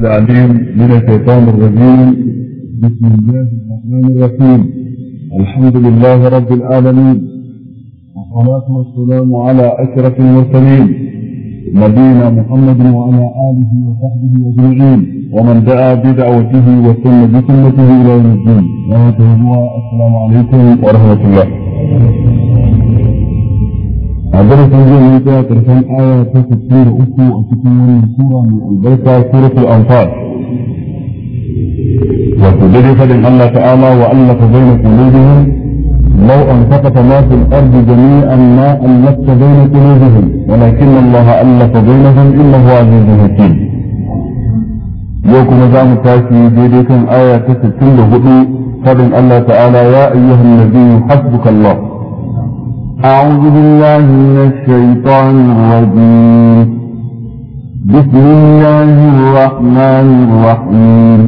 العليم من الشيطان الرجيم بسم الله الرحمن الرحيم الحمد لله رب العالمين والصلاة والسلام على أشرف المرسلين نبينا محمد وعلى آله وصحبه أجمعين ومن دعا بدعوته وسن بسنته إلى يوم الدين نعم، السلام عليكم ورحمة الله a darasin zai yi ta karshen aya ta 63 a cikin wannan sura mai albarka suratul anfal wato daidai fadin Allah ta'ala wa ta bayyana qulubihim لو أنفقت ما في الأرض جميعا ما ألفت بين قلوبهم ولكن الله ألف بينهم إنه عزيز حكيم يوكم زام تاسي جيدكم آية 64 فضل الله تعالى يا أيها النبي حسبك الله أعوذ بالله من الشيطان الرجيم بسم الله الرحمن الرحيم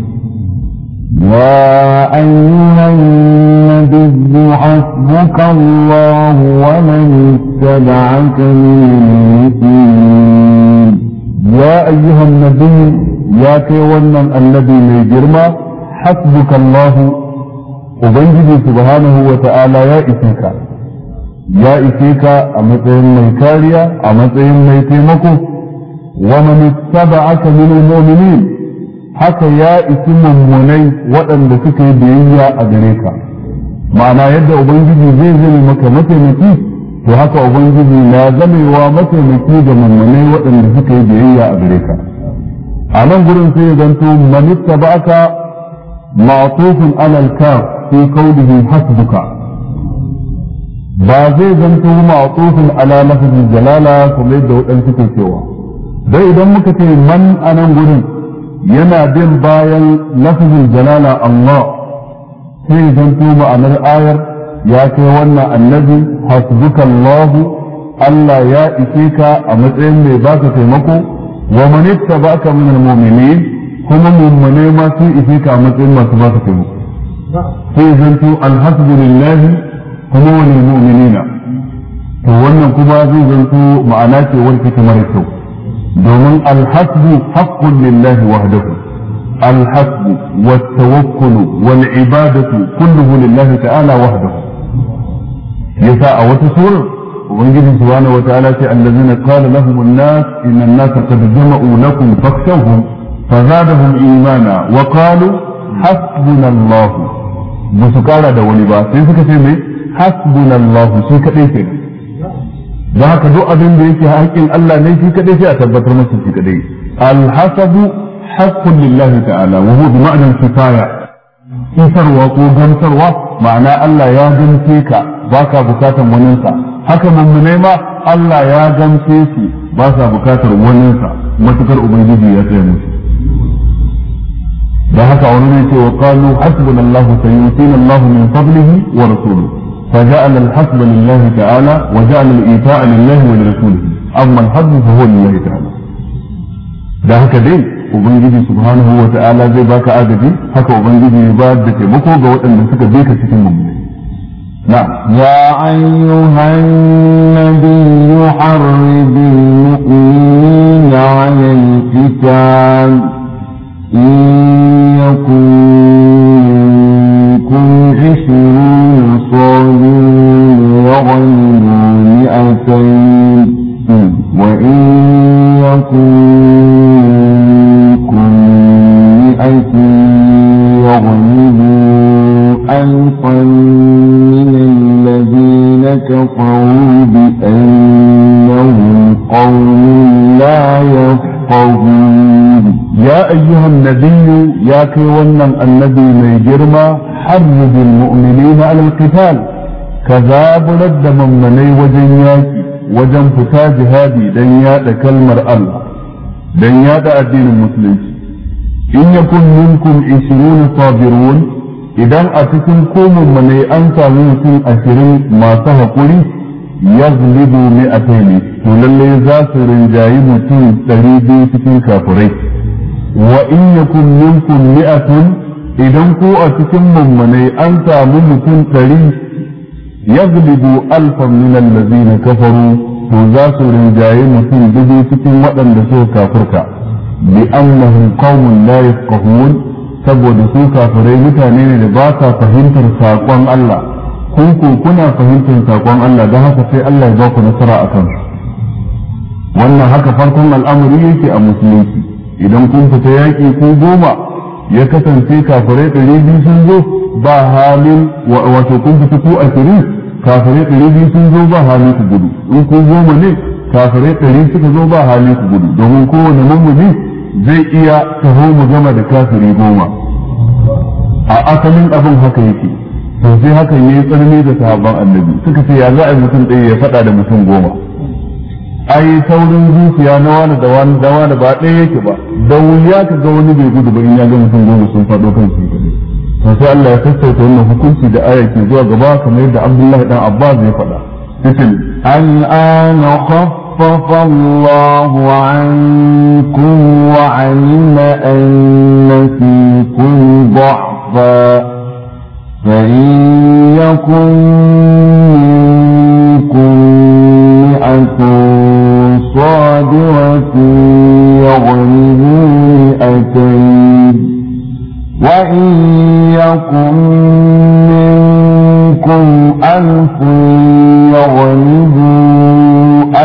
يا أيها النبي حسبك الله ومن اتبعك من المؤمنين يا أيها النبي يا كيوانا الذي لا جرم حسبك الله وبنجد سبحانه وتعالى يا إسمك ya ise ka a matsayin mai kariya a matsayin mai taimako wa man aka min al-mu'minin haka ya isi mummunai waɗanda suka yi biyayya a gare ka ma'ana yadda ubangiji zai zani maka mataimaki to haka ubangiji na zamewa mataimaki da mummunai waɗanda suka yi biyayya a gare ka a nan gurin sai ya zanto man ittaba'aka ma'tufun ala al-kaf fi qawlihi hasbuka ba zai zanto ma'tufin ala lafzin jalala kuma yadda wadan suke cewa dai idan muka ce man nan gurin yana bin bayan lafazin jalala Allah sai zanto ma'anar ayar ya kai wannan annabi hasbuka Allah ya ishe ka a matsayin mai ba ka taimako wa man ittaba'aka min al kuma mummune ma sun ishe ka a matsayin masu ba ka taimako sai zanto alhamdulillahi kuma wani mu'minina to wannan kuma zai zanto ma'ana ce warke ta mara kyau domin alhasbu haqqun lillahi wahdahu alhasbu والتوكل والعبادة كله لله yasa a يسعى وتسور ubangiji subhanahu wataala ce allazina qala lahum an-nas inna an-nasa qad jama'u lakum fakhshawhum fazadahum imana wa qalu hasbunallahu musu kara da wani ba sai suka ce mai. hasbunallahu shi kaɗai ke da haka duk abin da yake haƙƙin Allah ne shi kaɗai sai a tabbatar masa shi kadai alhasabu haqqun lillahi ta'ala wa huwa bima'na kifaya isarwa ko gamsarwa ma'ana Allah ya gamse ka baka bukatan waninsa haka mummunai ma Allah ya gamse su ba sa bukatar waninsa matukar ubangiji ya tsaya musu da haka wani ne ce wa qalu hasbunallahu sayutina Allahu min fadlihi wa rasuluhu فجعل الحسب لله تعالى وجعل الإيتاء لله ولرسوله أما الحسب فهو لله تعالى da haka dai ubangiji subhanahu wa ta'ala zai baka agaji haka ubangiji ya ba da taimako ga waɗanda suka bi ka cikin mummuni نعم يا أيها النبي حرض المؤمنين على القتال إن يكن منكم عشرون صابرون وغلبوا مئتين وإن يكن منكم مئة يغلبوا ألفا من الذين كفروا بأنهم قوم لا يفقهون يا أيها النبي يا كي النبي من جرمه Har يحرض المؤمنين على القتال كذابلت da mammanai wajen yaki wajen fita jihadi dan yada kalmar Allah dan yada addinin musulunci in yakun minkum 20 sabirun idan a cikin ku mammanai an samu mutum 20 masu hakuri yazlibu mi'atayn to lalle za su rinjayi mutum 200 cikin kafirai wa in yakun minkum mi'atun idan ko a cikin mummunai an samu mutum ɗari yaglibu alfan min na kafaru to za su rinjaye mutum dubu cikin waɗanda suka kafurka, bi annahum qaumun la yafqahun saboda su kafirai mutane ne da ba sa fahimtar saƙon Allah Kun ko kuna fahimtar saƙon Allah don haka sai Allah ya ba ku nasara a kansu wannan haka farkon al'amari yake a musulunci idan kun fita yaƙi ko goma ya kasance kafirai ɗari biyu sun zo ba halin wato kun fito a ashirin kafirai ɗari biyu sun zo ba halin ku gudu in ku goma ne kafirai ɗari suka zo ba halin ku gudu domin kowane mummuni zai iya taho mu gama da kafiri goma a asalin abin haka yake to sai hakan yi tsanani da sahabban annabi suka ce ya za a yi mutum ɗaya ya faɗa da mutum goma ai saurin zuciya na wani da wani da wani ba ɗaya yake ba da wuya ka ga wani bai gudu ba in ya ga mutum goma sun faɗo kan su kadai to sai Allah ya sassauta wannan hukunci da aya ke zuwa gaba kamar yadda Abdullahi dan Abbas ya faɗa yace al'ana خفف الله عنكم وعلم أن فيكم ضعفا فإن يكن منكم صادرة يغلبون أتين وإن يكن منكم ألف يغلبوا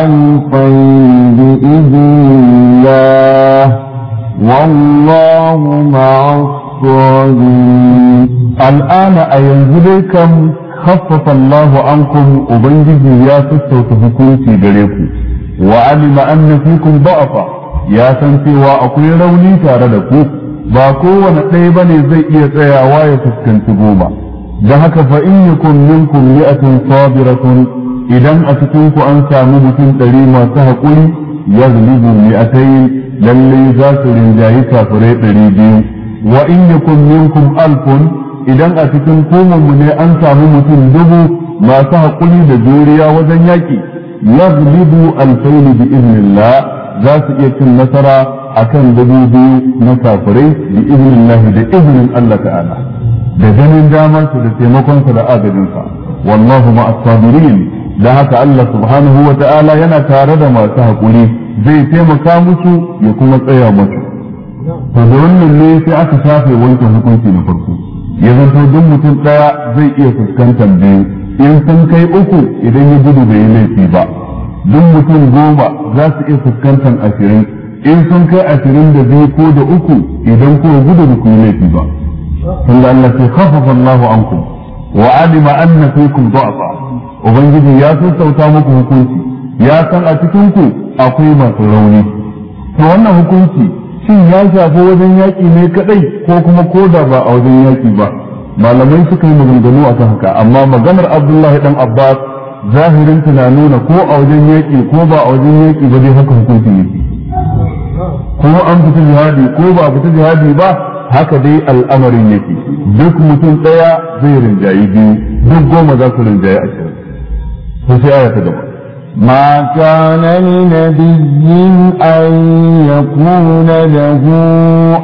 ألفين بإذن الله والله مع الصادقين الآن أينزلكم khaffafa an ankum ubangiji ya sassauta hukunci gare ku wa alima anna fikum da'afa ya san cewa akwai rauni tare da ku ba kowane ɗaya ba ne zai iya tsayawa ya fuskanci goma da haka fa in yakum minkum mi'atun sabiratun idan a cikin ku an sami mutum ɗari masu haƙuri ya zulibu mi'atai lallai za su rinjayi safarai ɗari biyu wa in yakum minkum alfun idan a cikin kumanmu ne an samu mutum dubu masu haƙuri da juriya wajen yaƙi yaghlibu alfaini bi iznillah za su iya cin nasara akan dubu biyu na kafirai bi iznillah da iznin Allah ta'ala da ganin damar su da taimakon su da agajin sa wallahu ma as-sabirin da haka Allah subhanahu wa ta'ala yana tare da masu haƙuri zai taimaka musu ya kuma tsaya musu to da wannan ne sai aka shafe wanke hukunci na farko ya zanto duk mutum ɗaya zai iya fuskantar biyu in sun kai uku idan ya gudu bai yi laifi ba duk mutum goma za su iya fuskantar ashirin in sun kai ashirin da biyu ko da uku idan ko gudu ba ku yi laifi ba tun da Allah sai khafafa Allahu ankum wa alima anna fikum da'fa ubangiji ya sassauta muku hukunci ya san a cikin ku akwai masu rauni to wannan hukunci shin ya shafi wajen yaƙi ne kadai ko kuma ko da ba a wajen yaƙi ba malamai suka yi maganganu a kan haka amma maganar abdullahi dan abbas zahirin na nuna ko a wajen yaƙi ko ba a wajen yaƙi ba dai haka hukunci ne ko an fita jihadi ko ba a fita jihadi ba haka dai al'amarin yake duk mutum ɗaya zai rinjayi biyu duk goma za su rinjayi ashirin to sai aya ta gaba ما كان لنبي أن يكون له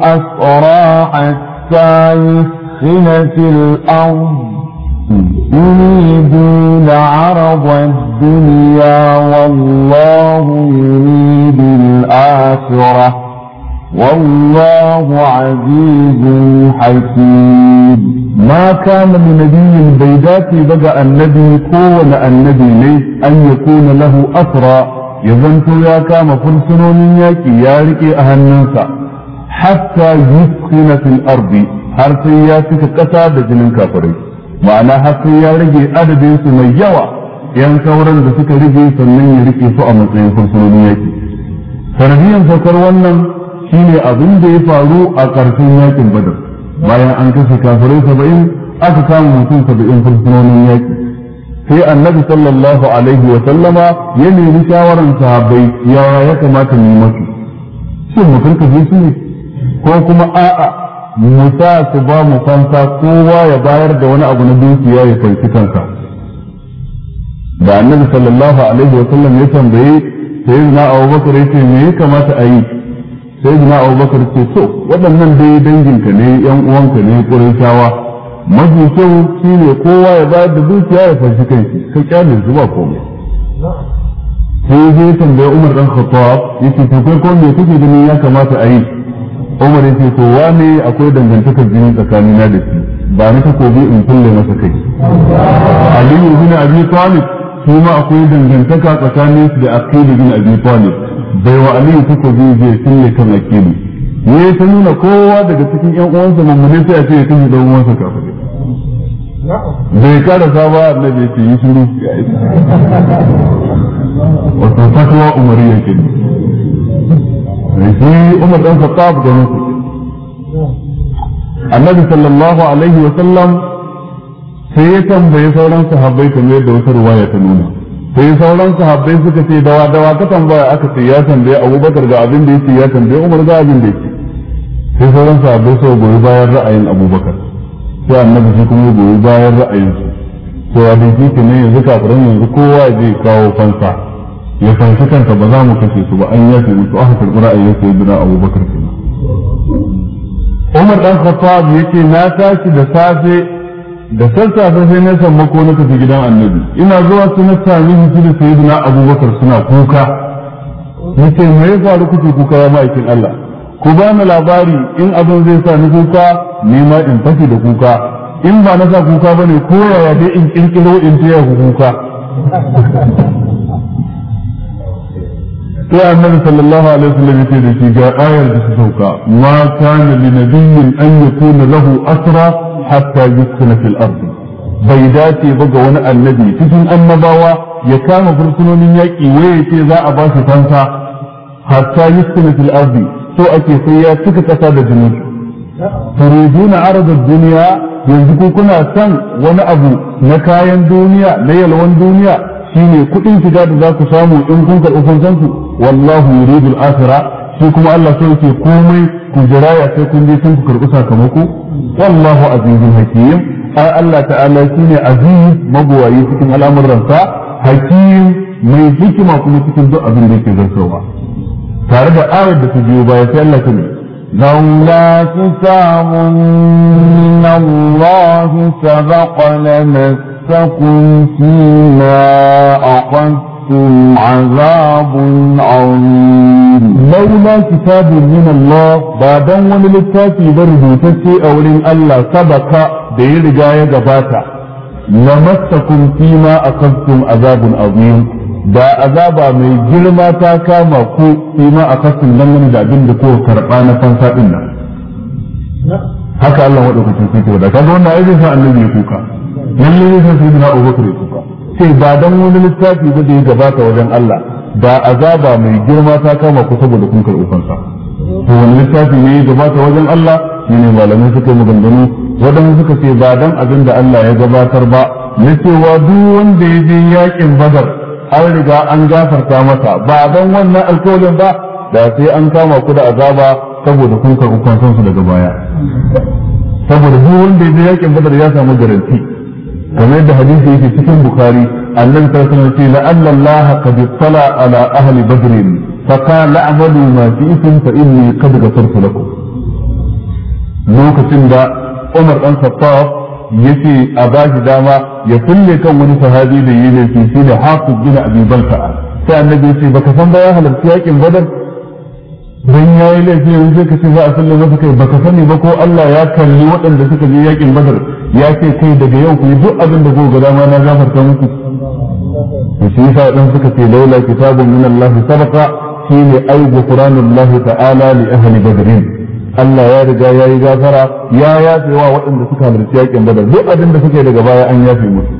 أسرى حتى يسخن في الأرض يريدون عرض الدنيا والله يريد الآخرة والله عزيز حكيم ma kana li nabiyyin bai dace ba ga annabi kowane annabi ne an yakuna lahu asra ya zanto ya kama fursunonin yaƙi ya riƙe a hannunsa hatta yuskhina fil ardi har sai ya cika ƙasa da jinin kafirai ma'ana har sai ya rage adadin mai yawa yan sauran da suka rage sannan ya rike su a matsayin fursunonin yaƙi sanadiyan saukar wannan shine abin da ya faru a ƙarshen yakin badar bayan an kashe kafirai saba'in aka kama mutum saba'in fursunonin yaƙi sai annabi sallallahu alaihi wa sallama ya nemi shawaran sahabbai ya ya kamata mu masu shin mu karkace su ne ko kuma a'a mu su ba mu fansa kowa ya bayar da wani abu na dukiya ya fanci kansa da annabi sallallahu alaihi wa sallam ya tambaye sai na ya ce me ya kamata a yi sai zina abubakar ce to waɗannan dai danginka ne yan uwanka ne shawa mafi kyau shi ne kowa ya bayar da dukiya ya fashi kai ka kyale zuwa komai sai zai tambaye umar dan ya ce to kai ko ganin ya kamata a yi umar ya ce to ne akwai dangantakar jini tsakanina da shi ba ni kobi in kulle masa kai aliyu bin abi talib kuma akwai dangantaka tsakanin su da akili bin abi talib bai wa aliyu takobi zai sunne kan akili ne ta nuna kowa daga cikin yan uwansa mummune sai a ce ya kashe dan uwansa kafin bai karasa ba annabi ce yi shiru wato fatwa umariya ke ne shi umar dan khattab da mutu annabi sallallahu alaihi wa sallam sai ya tambayi sauran sahabbai kamar yadda wata ruwaya ta nuna sai sauran sahabbai suka ce dawa dawa ka tambaya aka ce ya tambaye abubakar ga abin da yake ya tambaye umar ga abin da yake sai sauran sahabbai suka goyi bayan ra'ayin abubakar sai annabi shi kuma goyi bayan ra'ayin su to a da shi ne yanzu kafiran yanzu kowa zai kawo fansa ya fansa kanta ba za mu kashe su ba an yafe musu aka karɓi ra'ayin sai dina abubakar kenan Umar dan Khattab yake na tashi da safe da sassafe sai na samu ko na tafi gidan annabi ina zuwa su na sami shi da sayi na abubakar suna kuka ni ce me ya faru kuke kuka ya ma'aikin Allah ku ba mu labari in abin zai sa ni kuka ni ma in fashe da kuka in ba na sa kuka bane ne ko yaya dai in kirkiro in taya ku kuka sai annabi sallallahu alaihi wasallam yake da shi ga ayar da ta sauka ma kana li nabiyyin an yakuna lahu asra hatta yuskuna fil ard bai dace ba ga wani annabi cikin annabawa ya kama fursunonin yaƙi waye ce za a ba shi fansa hatta yuskuna fil ard so ake sai ya cika kasa da jinin turiduna arad ad-dunya yanzu ko kuna san wani abu na kayan duniya na yalwan duniya shine kuɗin shiga da za ku samu in kun karɓi والله يريد الآخرة فيكم الله سيكي قومي كجرايا سيكون دي سنكو كرقصا كموكو والله عزيز حكيم الله تعالى سيني عزيز مبوى يسكن الأمر رنسا حكيم من يسكي ما كنت تكون دو أبن بيكي ذنسوا تارد آرد تجيو بايا سيالا كمي لولا كتاب من الله سبق لمسكم فيما أخذت لكم عذاب عظيم لولا كتاب من الله بعد أن للتاتي برد تسي أولين ألا سبق دير جاية جباتا لمسكم فيما أخذتم عذاب عظيم da azaba mai girma ta kama ku sai ma a kasin dangane da abin da ko karɓa na fansa ɗin nan haka Allah waɗaukacin sai ke wada kaga wannan aikin sa annabi ya kuka lallai ne sai sai na Abubakar ya kuka sai ba dan wani littafi ba da gabata wajen Allah da azaba mai girma ta kama ku saboda kun karɓi to wani littafi ne ya gabata wajen Allah shine malamai suka yi maganganu wadanda suka ce ba dan abin da Allah ya gabatar ba na cewa duk wanda ya je yakin badar an riga an gafarta masa ba dan wannan alƙawarin ba da sai an kama ku da azaba saboda kun karɓi fansansu daga baya saboda duk wanda ya je yakin badar ya samu garanti kamar da hadisi yake cikin bukari annabi sallallahu alaihi wasallam ce la'alla Allah qad ittala ala ahli badr fa qala amalu ma fiikum fa inni qad ghafartu lakum lokacin da Umar dan Khattab yace a bashi dama ya kulle kan wani sahabi da yi laifi shine Hafiz bin Abi Balta sai annabi yace baka san ba ya halarci yakin Badar dan yayi laifi yanzu ka ce za a sallama masa kai baka sani ba ko Allah ya kalli waɗanda suka je yakin Badar ya ce kai daga yau ku yi duk abin da zai gada ma na gafarta muku to shi yasa dan suka ce laula kitabun min Allah sabaqa shi ne ai ghufranullah ta'ala li ahli badr Allah ya riga ya yi gafara ya yafe wa waɗanda suka halarci yakin badar duk abin da suke daga baya an yafe musu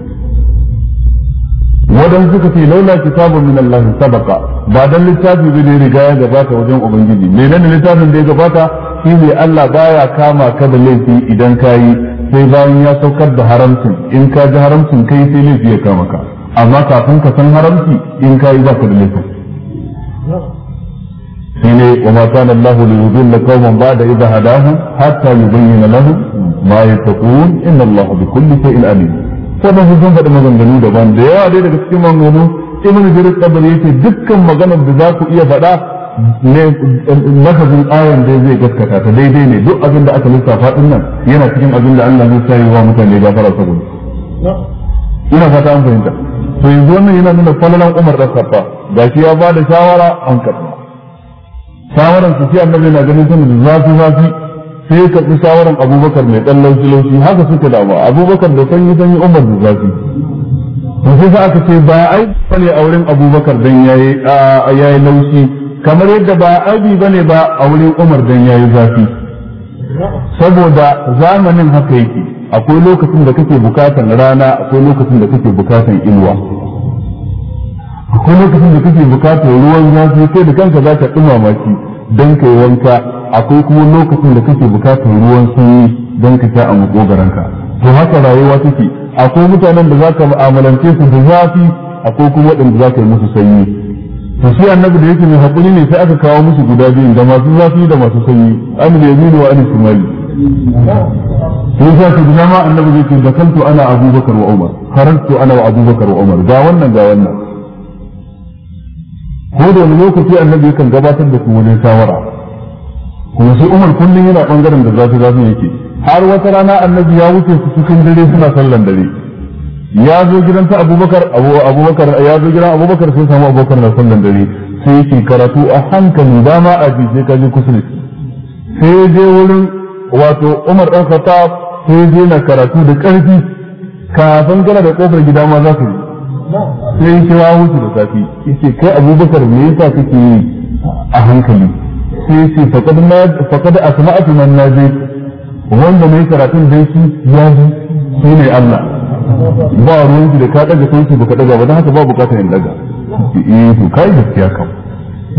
wadan suka ce laula kitabun min Allah sabaqa ba dan littafi bane riga ya gabata wajen ubangiji menene littafin da ya gabata shine Allah baya kama ka da laifi idan kayi sai bayan ya saukar da haramcin in ka ji haramcin kai sai laifi ya kama ka amma kafin ka san haramci in ka yi ba ka da laifin shi ne wa ma kana Allah li yudilla qauman ba'da idha hadahu hatta yubayyana lahum ma yattaqun inna Allah bi kulli shay'in alim saboda hujjan faɗi maganganu daban da yawa dai daga cikin maganganu ibn jarir tabari yace dukkan maganar da za ku iya faɗa lafazin ayan dai zai gaskata ta daidai ne duk abin da aka lissafa din nan yana cikin abin da Allah zai sayi wa mutane gafara saboda ina fata an fahimta to yanzu wannan yana nuna falalan Umar da ga gashi ya bada shawara an karɓa shawaran su sai annabi na ganin sun da zafi zafi sai ya karɓi shawaran Abubakar mai dan laushi laushi haka suka dama Abubakar da sanyi sanyi Umar da zafi to sai aka ce ba ai fale auren Abubakar dan yayi yayi laushi kamar yadda ba abi bane ba a wurin Umar dan yayi zafi saboda zamanin haka yake akwai lokacin da kake bukatan rana akwai lokacin da kake bukatan inuwa akwai lokacin da kake bukatan ruwan zafi kai da kanka za ka dumama shi don ka yi wanka akwai kuma lokacin da kake bukatan ruwan sanyi don ka sha a makogaranka to haka rayuwa take akwai mutanen da za ka mu'amalance su da zafi akwai kuma waɗanda za ka yi musu sanyi to shi annabi da yake mai hakuri ne sai aka kawo musu guda biyu da masu zafi da masu sanyi an da yaminu wa an shimali sun sa su guda ma annabi zai ce zakantu ana abubakar wa umar harantu ana wa abubakar wa umar ga wannan ga wannan ko da wani lokaci annabi yakan gabatar da kuma wajen shawara kuma sai umar kullum yana bangaren da zafi zafi yake har wata rana annabi ya wuce su cikin dare suna sallan dare ya zo gidan ta abubakar abubakar ya zo gidan abubakar sai samu abubakar na sallan dare sai yake karatu a hankali dama a ji sai kaji kusuri sai je wurin wato umar dan khattab sai je na karatu da karfi kafin gana da kofar gida ma za su sai yi kira wuce da safi yace kai abubakar me yasa kake yi a hankali sai yace faqad faqad tunan man je wanda mai karatun dai shi ya ji sai ne Allah ba ruwan shi da ka daga sai shi baka daga ba dan haka ba bukatar yin daga eh to kai gaskiya kam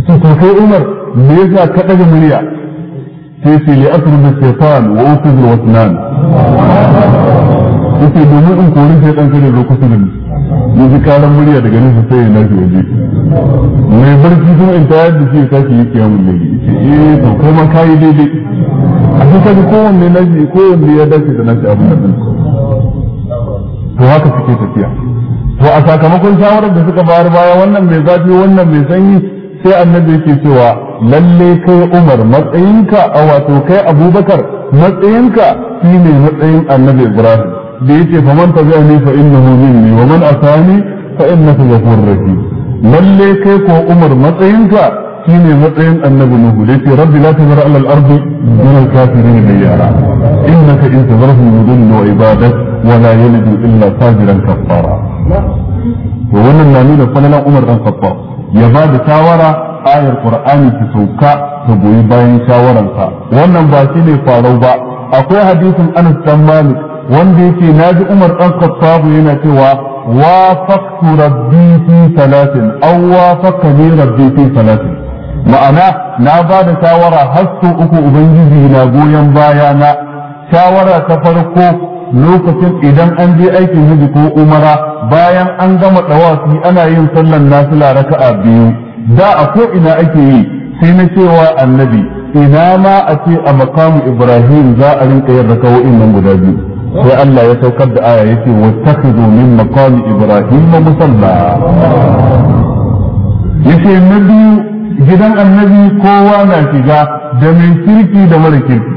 sai to kai Umar me yasa ka daga murya sai sai li asru bi shaytan wa usud wa asnan sai domin in korin sai dan kare lokacin da ji karan murya daga nan sai ya nafi waje mai barci kuma in tayar da shi ya sake yi kiyamun lagi eh to kai ma kayi daidai a cikin kowanne nashi kowanne ya dace da nashi abin da to haka suke tafiya to a sakamakon shawarar da suka bayar baya wannan mai zafi wannan mai sanyi sai annabi yake cewa lalle kai Umar matsayinka a wato kai Abubakar matsayinka shine matsayin annabi Ibrahim da yake fa man tabi'ani fa innahu minni wa man asani fa innahu ghafurur rahim lalle kai ko Umar matsayinka shine matsayin annabi Nuhu da yake rabbi la tazar ala al-ardi min al-kafirin diyara innaka in tazarhum yudillu ibadatak ولا يلد إلا فاجرا كفارا وأن النانين فلنا عمر بن الخطاب يباد شاورا آية القرآن تسوكا تبوي باين شاورا وأن باسيني فاروبا أقوى حديث أنس بن مالك wanda na ji Umar ɗan Khattab yana cewa wafaqtu rabbi fi salatin aw wafaqani rabbi ma'ana na ba da shawara har uku ubangiji na goyon baya na shawara ta farko lokacin idan an je aikin hiji ko umara bayan an gama ɗawafi ana yin sallan nafila raka'a biyu da a ko ina ake yi sai na cewa annabi ina ma a ce a makamu ibrahim za a rinka yin raka'o'in nan guda biyu sai Allah ya saukar da aya yace wattakhidhu min maqami ibrahim musalla yace na biyu gidan annabi kowa na shiga da mai kirki da mara kirki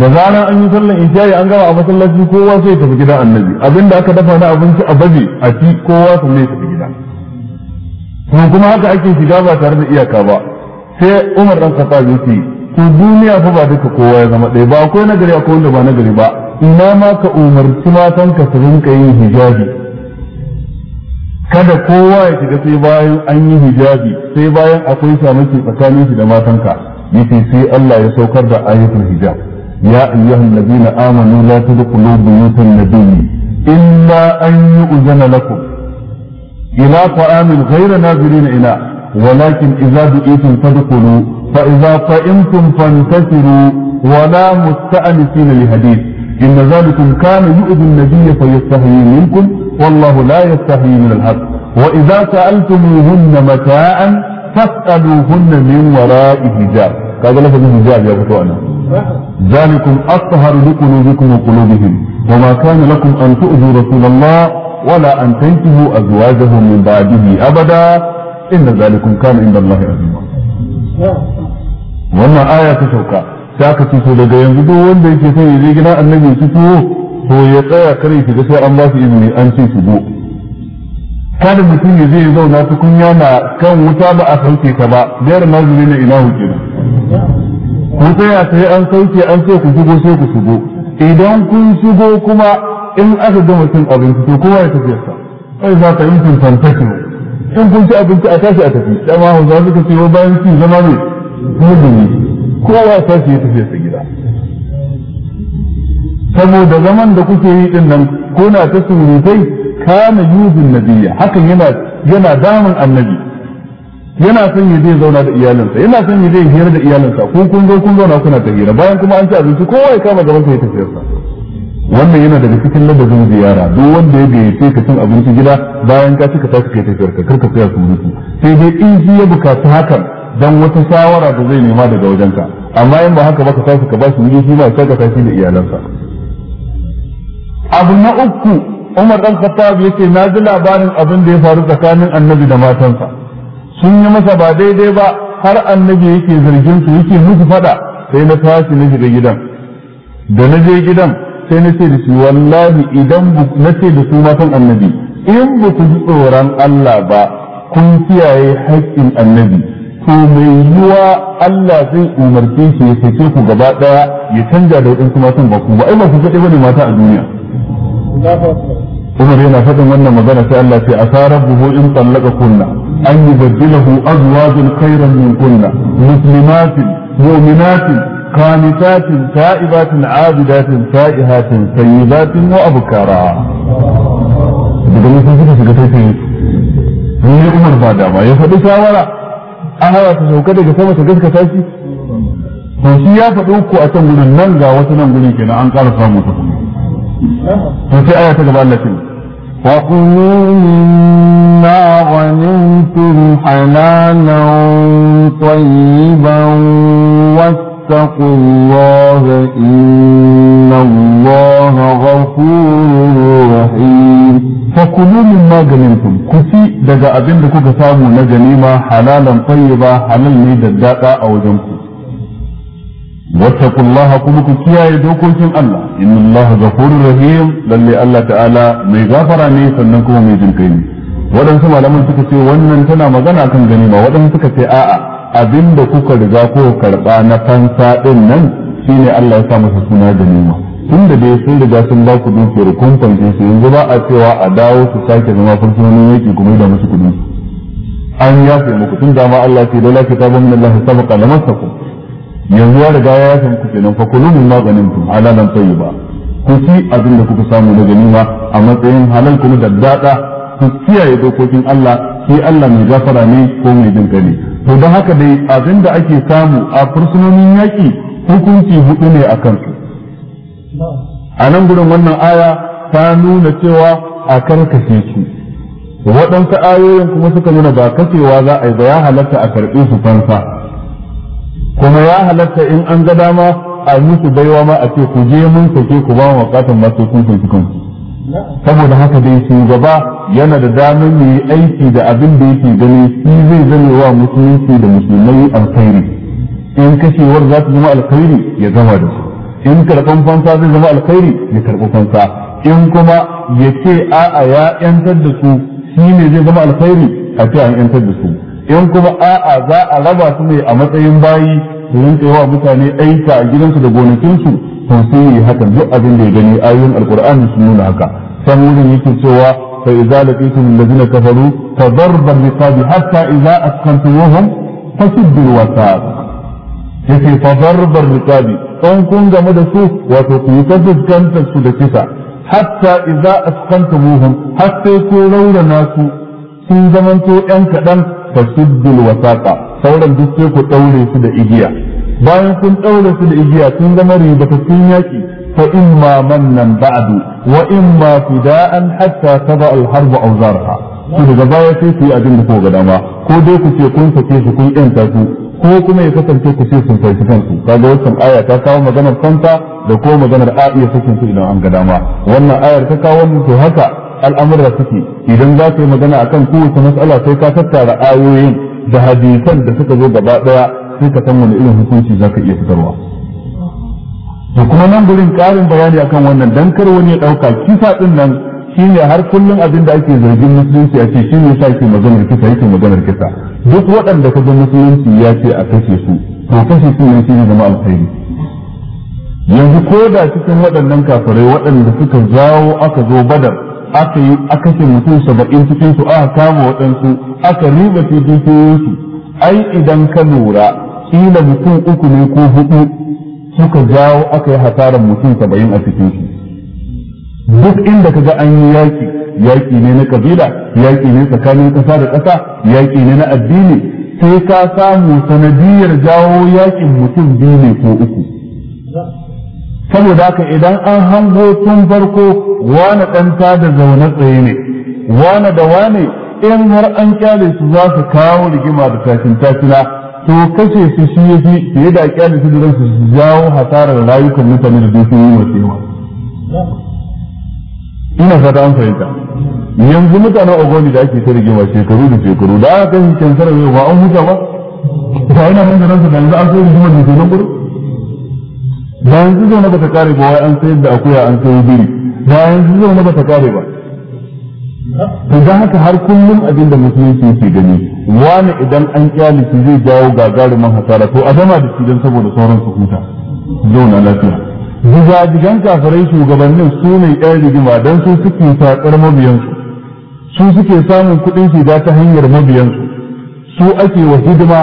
da zana an yi sallan isha'i an gama a masallaci kowa sai ya tafi gida annabi abinda aka dafa na abinci a baje a ci kowa su ne tafi gida to kuma haka ake shiga ba tare da iyaka ba sai Umar dan Khattab yace ku duniya fa ba duka kowa ya zama ɗaya ba akwai nagari akwai wanda ba nagari ba ina ma ka umarci matan ka su rinka yin hijabi kada kowa ya shiga sai bayan an yi hijabi sai bayan akwai samun tsakanin shi da matanka yace sai Allah ya saukar da ayatul hijab يا أيها الذين آمنوا لا تدخلوا بيوت النبي إلا أن يؤذن لكم إلى طعام غير ناظرين إلى ولكن إذا دعيتم فادخلوا فإذا طئمتم فانتشروا ولا مستأنسين لحديث إن ذلكم كان يؤذي النبي فيستحيي منكم والله لا يستحيي من الحق وإذا سألتموهن متاعا فاسألوهن من وراء حجاب قال لفظ الحجاب يا أخوانا ذلكم أطهر لقلوبكم وقلوبهم وما كان لكم أن تؤذوا رسول الله ولا أن تنكحوا أزواجه من بعده أبدا إن ذلكم كان عند الله عظيما wannan aya ta sauka ta aka ce daga yanzu duk wanda yake son ya je gina annabi su fito to ya tsaya kar ya shiga sai an ba su izini an ce shigo kada mutum ya zai zauna tukunya na kan wuta ba a sauke ta ba biyar mazuni na ina kenan ku ya sai an sauke an sai ku shigo sai ku shigo idan kun shigo kuma in aka gama cin abinci to kowa ya tafi sa sai za ka yi cin fantaki in kun ci abinci a tashi a tafi ma hausa suka ce wa bayan ci zama ne mugun kowa ya tashi ya tafi sa gida saboda zaman da kuke yi din nan ko na ta surutai kana yuzin nabiyya hakan yana yana damun annabi yana son ya je zauna da iyalinsa yana son ya je hira da iyalinsa ko kun zo kun zauna kuna ta hira bayan kuma an ci abinci kowa ya kama gaban sa ya tafiyarsa wannan yana daga cikin ladabin ziyara duk wanda ya gayyace ka cin abinci gida bayan ka ci ka tashi kai tafiyar ka karka tsaya su mutu sai dai in ji ya bukaci hakan dan wata shawara da zai nema daga wajenka amma in ba haka ba ka tashi ka ba shi wuri shi ma ka tashi da iyalansa abu na uku Umar dan Khattab yake na ji labarin abin da ya faru tsakanin Annabi da matansa sun yi masa ba daidai ba har annabi yake zargin su yake musu fada sai na tashi na shiga gidan da na je gidan sai na ce da su wallahi idan na ce da su matan annabi in ba ku ji tsoron Allah ba kun kiyaye haƙƙin annabi to mai yiwa Allah zai umarce shi ya sake ku gaba ɗaya ya canja da waɗansu matan ba ku ba ai ba ku ba ne mata a duniya Umar yana faɗin wannan magana sai Allah ce asa rabbuhu in tallaka kunna an yi yubaddilahu azwajun khayran min kunna muslimatin mu'minatin qanitatin ta'ibatin abidatin sa'ihatin sayyibatin wa abkara daga nan suka shiga tafiye ne Umar ba da dama ya faɗi shawara an hawa ta sauka daga sama ta gaskata shi to shi ya faɗi uku a can gudun nan ga wasu nan gudun kenan an ƙara samu ta kuma to sai aya ta gaba Allah ce wa kullu ma ghanimtum halalan tayyiban wattaqullaha innallaha ghafurur rahim fa kullu ma ghanimtum kusi daga abinda kuka samu na ganima halalan tayyiba halal ne da daɗa a wajen ku واتقوا الله كمكو كيا يدوكوكين الله إن الله غفور رحيم للي الله تعالى مي غفر عني سننكو مي جنكيني ودن سمع لمن سكتي ونن سنة مغانا كان غنيمة ودن سكتي آآ أبين دكوكا رزاكو كربانا فانسا إنن شيني الله يسامس سنة غنيمة tun da dai sun riga sun ba ku dukiyar kun fanke su yanzu ba a cewa a dawo su sake zama fursunonin yaki kuma da musu kudi an yafe muku tun dama Allah ce dole kitabun min Allah sabaqa lamassakum yanzu ya riga ya san muku kenan fa kulu min maganin tum halalan tayyiba ku ci abin da kuka samu na ganima a matsayin halal kuma da dada ku kiyaye dokokin Allah sai Allah mai gafara ne ko mai jin ne to dan haka dai abin da ake samu a fursunonin yaki hukunci hudu ne akan kansu a nan gurin wannan aya ta nuna cewa a karkashe su waɗansu ayoyin kuma suka nuna ba kasewa za a yi ba ya halatta a karɓe su fansa kuma ya halatta in an ga dama a baiwa ma a ce ku je mun sake ku ba mu bukatun masu kun sai kun saboda haka dai shugaba yana da damar yi aiki da abin da yake gani shi zai zama wa musulunci da musulmai alkhairi in kashewar za ta zama alkhairi ya zama da su in karɓan fansa zai zama alkhairi ya karɓi fansa in kuma ya ce a'a ya yantar da su shi ne zai zama alkhairi a ce an yantar da su in kuma a'a za a raba su ne a matsayin bayi su rinka yawa mutane aika a gidansu da gonakinsu to sai yi hakan duk abin da ya gani ayoyin alqur'ani sun nuna haka san wurin yake cewa fa idza laqitum alladhina kafaru fa darba liqabi hatta idza asqantumuhum fasuddu alwasaq yake fa darba liqabi in kun gamu da su wato ku yi ta fuskantar su da kisa hatta idza asqantumuhum hatta ku na su sun zamanto yan kaɗan fasuddul wasaqa sauran duk sai ku daure su da igiya bayan kun daure su da igiya sun zama sun yaki fa imma mannan ba'du wa ma fida'an hatta tada al-harb awzarha to daga baya sai ku yi abin da kuka dama ko dai ku ce kun sake su kun yanta su ko kuma ya kasance ku ce sun farki kansu kaga wannan aya ta kawo maganar kanta da ko maganar a sakin su idan an ga dama wannan ayar ta kawo to haka al'amura suke idan za ka yi magana akan kowace matsala sai ka tattara ayoyin da hadisan da suka zo gaba daya sai ka san wani irin hukunci za ka iya fitarwa da kuma nan gurin karin bayani akan wannan dan kar wani ya dauka kisa din nan shine har kullum abin da ake zargin musulunci a ce shine yasa yake maganar kisa yake maganar kisa duk waɗanda ka ga musulunci ya ce a kashe su to kashe su ne shine zama alkhairi yanzu ko da cikin waɗannan kafirai waɗanda suka jawo aka zo badar aka yi aka ce mutum saba'in cikin su aka kama waɗansu aka riba ce dukiyoyinsu ai idan ka lura kila mutum uku ne ko hudu suka jawo aka yi hasarar mutum saba'in a cikin su duk inda ka ga an yi yaƙi yaƙi ne na kabila yaƙi ne tsakanin ƙasa da ƙasa yaƙi ne na addini sai ka samu sanadiyar jawo yaƙin mutum biyu ne ko uku saboda haka idan an hango tun farko wane ɗan da zaune tsaye ne wane da wane in har an kyale su za su kawo rigima da tashin tashina to kashe su shi ya fi fiye da kyale su da su jawo hasarar rayukan mutane da yi masu yawa ina fata an fahimta yanzu mutanen ogoni da ake ta rigima shekaru da shekaru da aka kai shi kyansar ba an huta ba ba ina mun da ransa da yanzu an so da ke nan bayan su zaune ba kare ba wai an sayar da akuya an sayi biri bayan su zaune ba kare ba to dan haka har kullum abin da musulunci yake gani wani idan an kyale shi zai jawo gagarumin hasara to a zama da shi don saboda sauran su huta zauna lafiya jigan kafirai shugabannin su ne ɗan rigima don su suke sakar mabiyansu su suke samun kuɗin shiga ta hanyar mabiyansu su ake wa hidima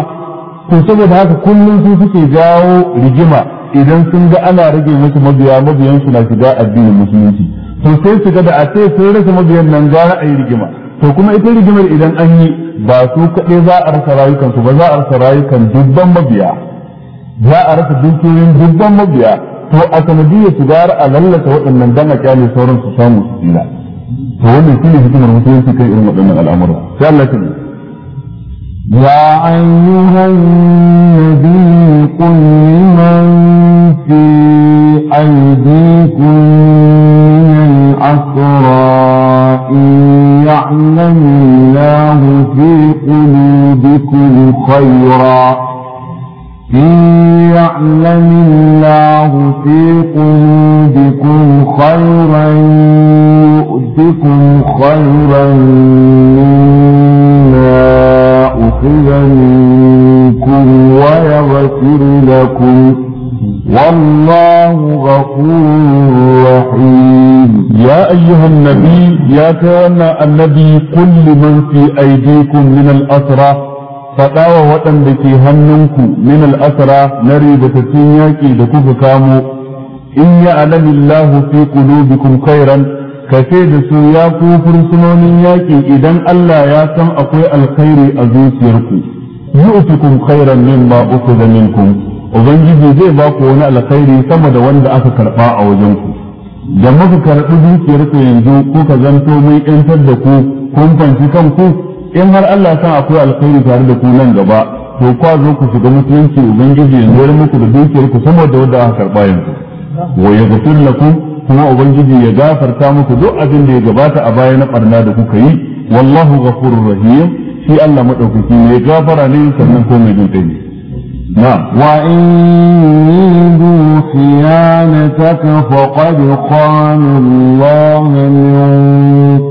to saboda haka kullum su suke jawo rigima idan sun ga ana rage musu mabiya mabiyan su na shiga addinin musulunci to sai su ga da a sai sun rasa mabiyan nan gara a yi rigima to kuma ita rigimar idan an yi ba su kaɗai za a rasa rayukansu ba za a rasa rayukan dubban mabiya za a rasa dukiyoyin dubban mabiya to a sanadiyar su gara a lallata waɗannan dan a kyale sauran su samu su tsira to wannan ne hikimar musulunci kan irin waɗannan al'amuran sai Allah ya يا أيها النبي قل لمن في أيديكم من الأسرى يعلم الله في قلوبكم خيرا إن يعلم الله في قلوبكم خيرا يؤتكم خيرا يؤاخذ منكم ويغفر لكم والله غفور رحيم يا أيها النبي يا كان الذي كل من في أيديكم من الأسرى فتاوى وطن بكي هننكم من الأسرى نري بتسينيكي لكوك كامو إن يعلم الله في قلوبكم خيرا kafe da su ya ku fursunonin yaƙi idan Allah ya san akwai alkhairi a zuciyarku yu'tikum khairan uku da minkum ubangiji zai ba ku wani alkhairi sama da wanda aka karba a wajen ku da muka karɓi zuciyarku yanzu kuka zanto mai yantar da ku kun fanci kanku in har Allah san akwai alkhairi tare da ku nan gaba to kwa zo ku shiga musulunci ubangiji yanzu wani muku da dukiyarku sama da wanda aka karba yanzu wa yaghfir lakum kuma ubangiji ya gafarta muku duk abin da ya gabata a baya na barna da kuka yi wallahu ghafurur rahim shi Allah madaukaki ne gafara ne sannan ko mai jinkai ne na wa in khiyanataka faqad qala Allah min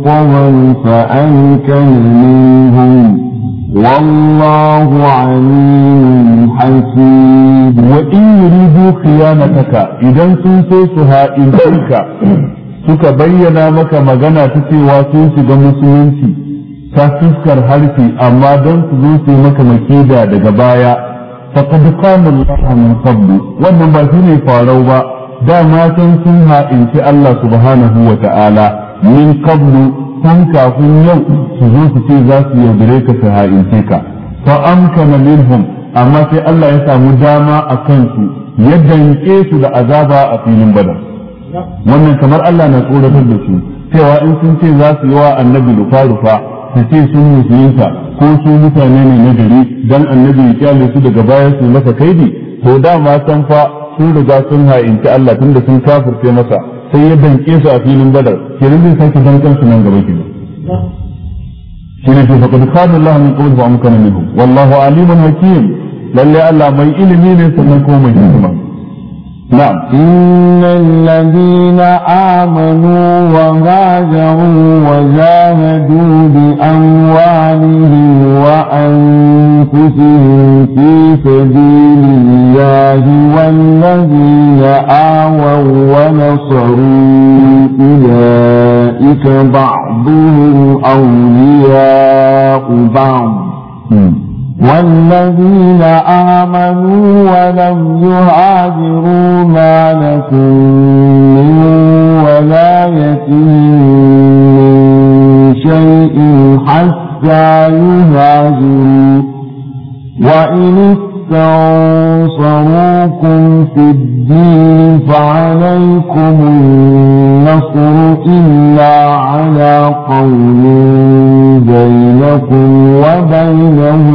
qawl fa ankana minhum والله عليم حكيم وإن يريدوا خيانتك إذا سنسوسها إن تلك suka bayyana maka magana ta cewa sun shiga musulunci ta fuskar harfi amma don su zo maka makida daga baya faqad kana Allah min qablu wannan ba shine farau ba dama san sun ha'inci Allah subhanahu wa ta'ala min qablu tun kafin yau su zo su ce za su yaudare ka su ha'ince ka fa amkana minhum amma sai Allah ya samu dama a kansu ya danke su da azaba a filin badar wannan kamar Allah na tsoratar da su cewa in sun ce za su yi wa annabi rufa rufa su ce sun musulunta ko su mutane ne na gari dan annabi ya kyale su daga baya su masa kaidi to dama san fa sun riga sun ha'inci Allah tunda sun kafirce masa sai ya danke su a filin badar kenan zai sake dankan su nan gaba kenan shine ce faqad khana Allah min qawl wa amkana minhum wallahu alimun hakim lalle Allah mai ilimi ne sannan kuma mai hikima نعم إن الذين آمنوا وهاجروا وجاهدوا بأموالهم وأنفسهم في سبيل الله والذين آووا ونصروا أولئك بعضهم أولياء بعض hmm. والذين آمنوا ولم يهاجروا ما لكم من ولايتهم من شيء حتى حتى يهاجروا وإن استنصروكم في الدين فعليكم النصر إلا على قول بينكم وبينهم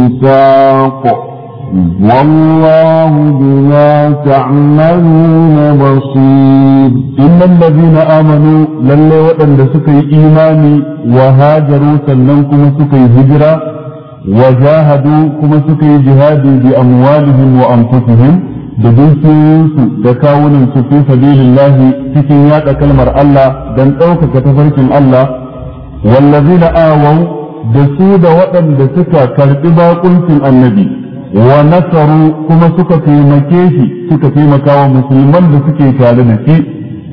ميثاق والله بما تعملون بصير إن الذين آمنوا لن وأن سكي إيماني وهاجروا سننكم سكي هجرة وجاهدوا كما سكي جهادي بأموالهم وأنفسهم بدنسوس تكاون في سبيل الله تكيات كلمة الله دن أوكك تفرك الله والذين آووا دسود وأن سكا كالتباقل في النبي wa nasaru kuma suka taimake shi suka taimaka wa musulman da suke tare da shi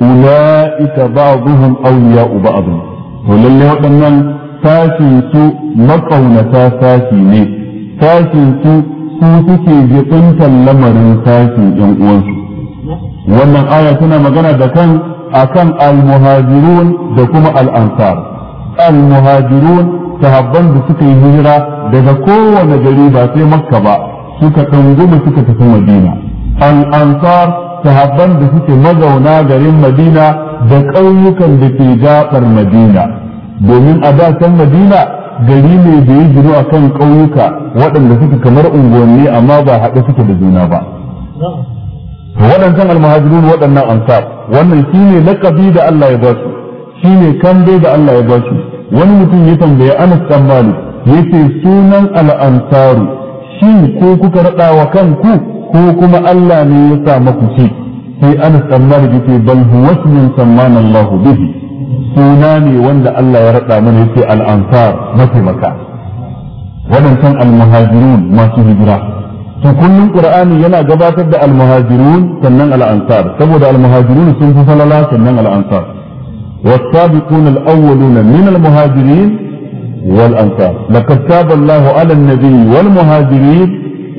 ula'ika ba'dhum awliya'u ba'd to lalle waɗannan sashin su makaunata sashi ne sashin su su suke jibintar lamarin sashin ɗan uwansu wannan aya tana magana da kan akan al-muhajirun da kuma al-ansar al-muhajirun sahabban da suka yi hijira daga kowane gari ba sai makka ba suka ɗunguma suka tafi madina an ansar sahabban da suke mazauna garin madina da ƙauyukan da ke gaɓar madina domin a da can madina gari ne da ya gino a kan ƙauyuka waɗanda suka kamar unguwanni amma ba haɗe suke da juna ba waɗancan almahajirun waɗannan ansar wannan shine laƙabi da Allah ya ba su shine kambe da Allah ya ba su wani mutum ya tambayi Anas dan Malik yace sunan al-ansaru shin ko kuka rada wa kanku ko kuma Allah ne ya sa maku shi sai Anas dan Malik yace bal huwa ismun sammana Allah bihi suna ne wanda Allah ya rada mana yace al-ansar mataimaka Waɗancan al-muhajirun masu hijira to kullum qur'ani yana gabatar da almuhajirun sannan al'ansar saboda almuhajirun sun fi falala sannan al'ansar والسابقون الأولون من المهاجرين والأنصار لقد تاب الله على النبي والمهاجرين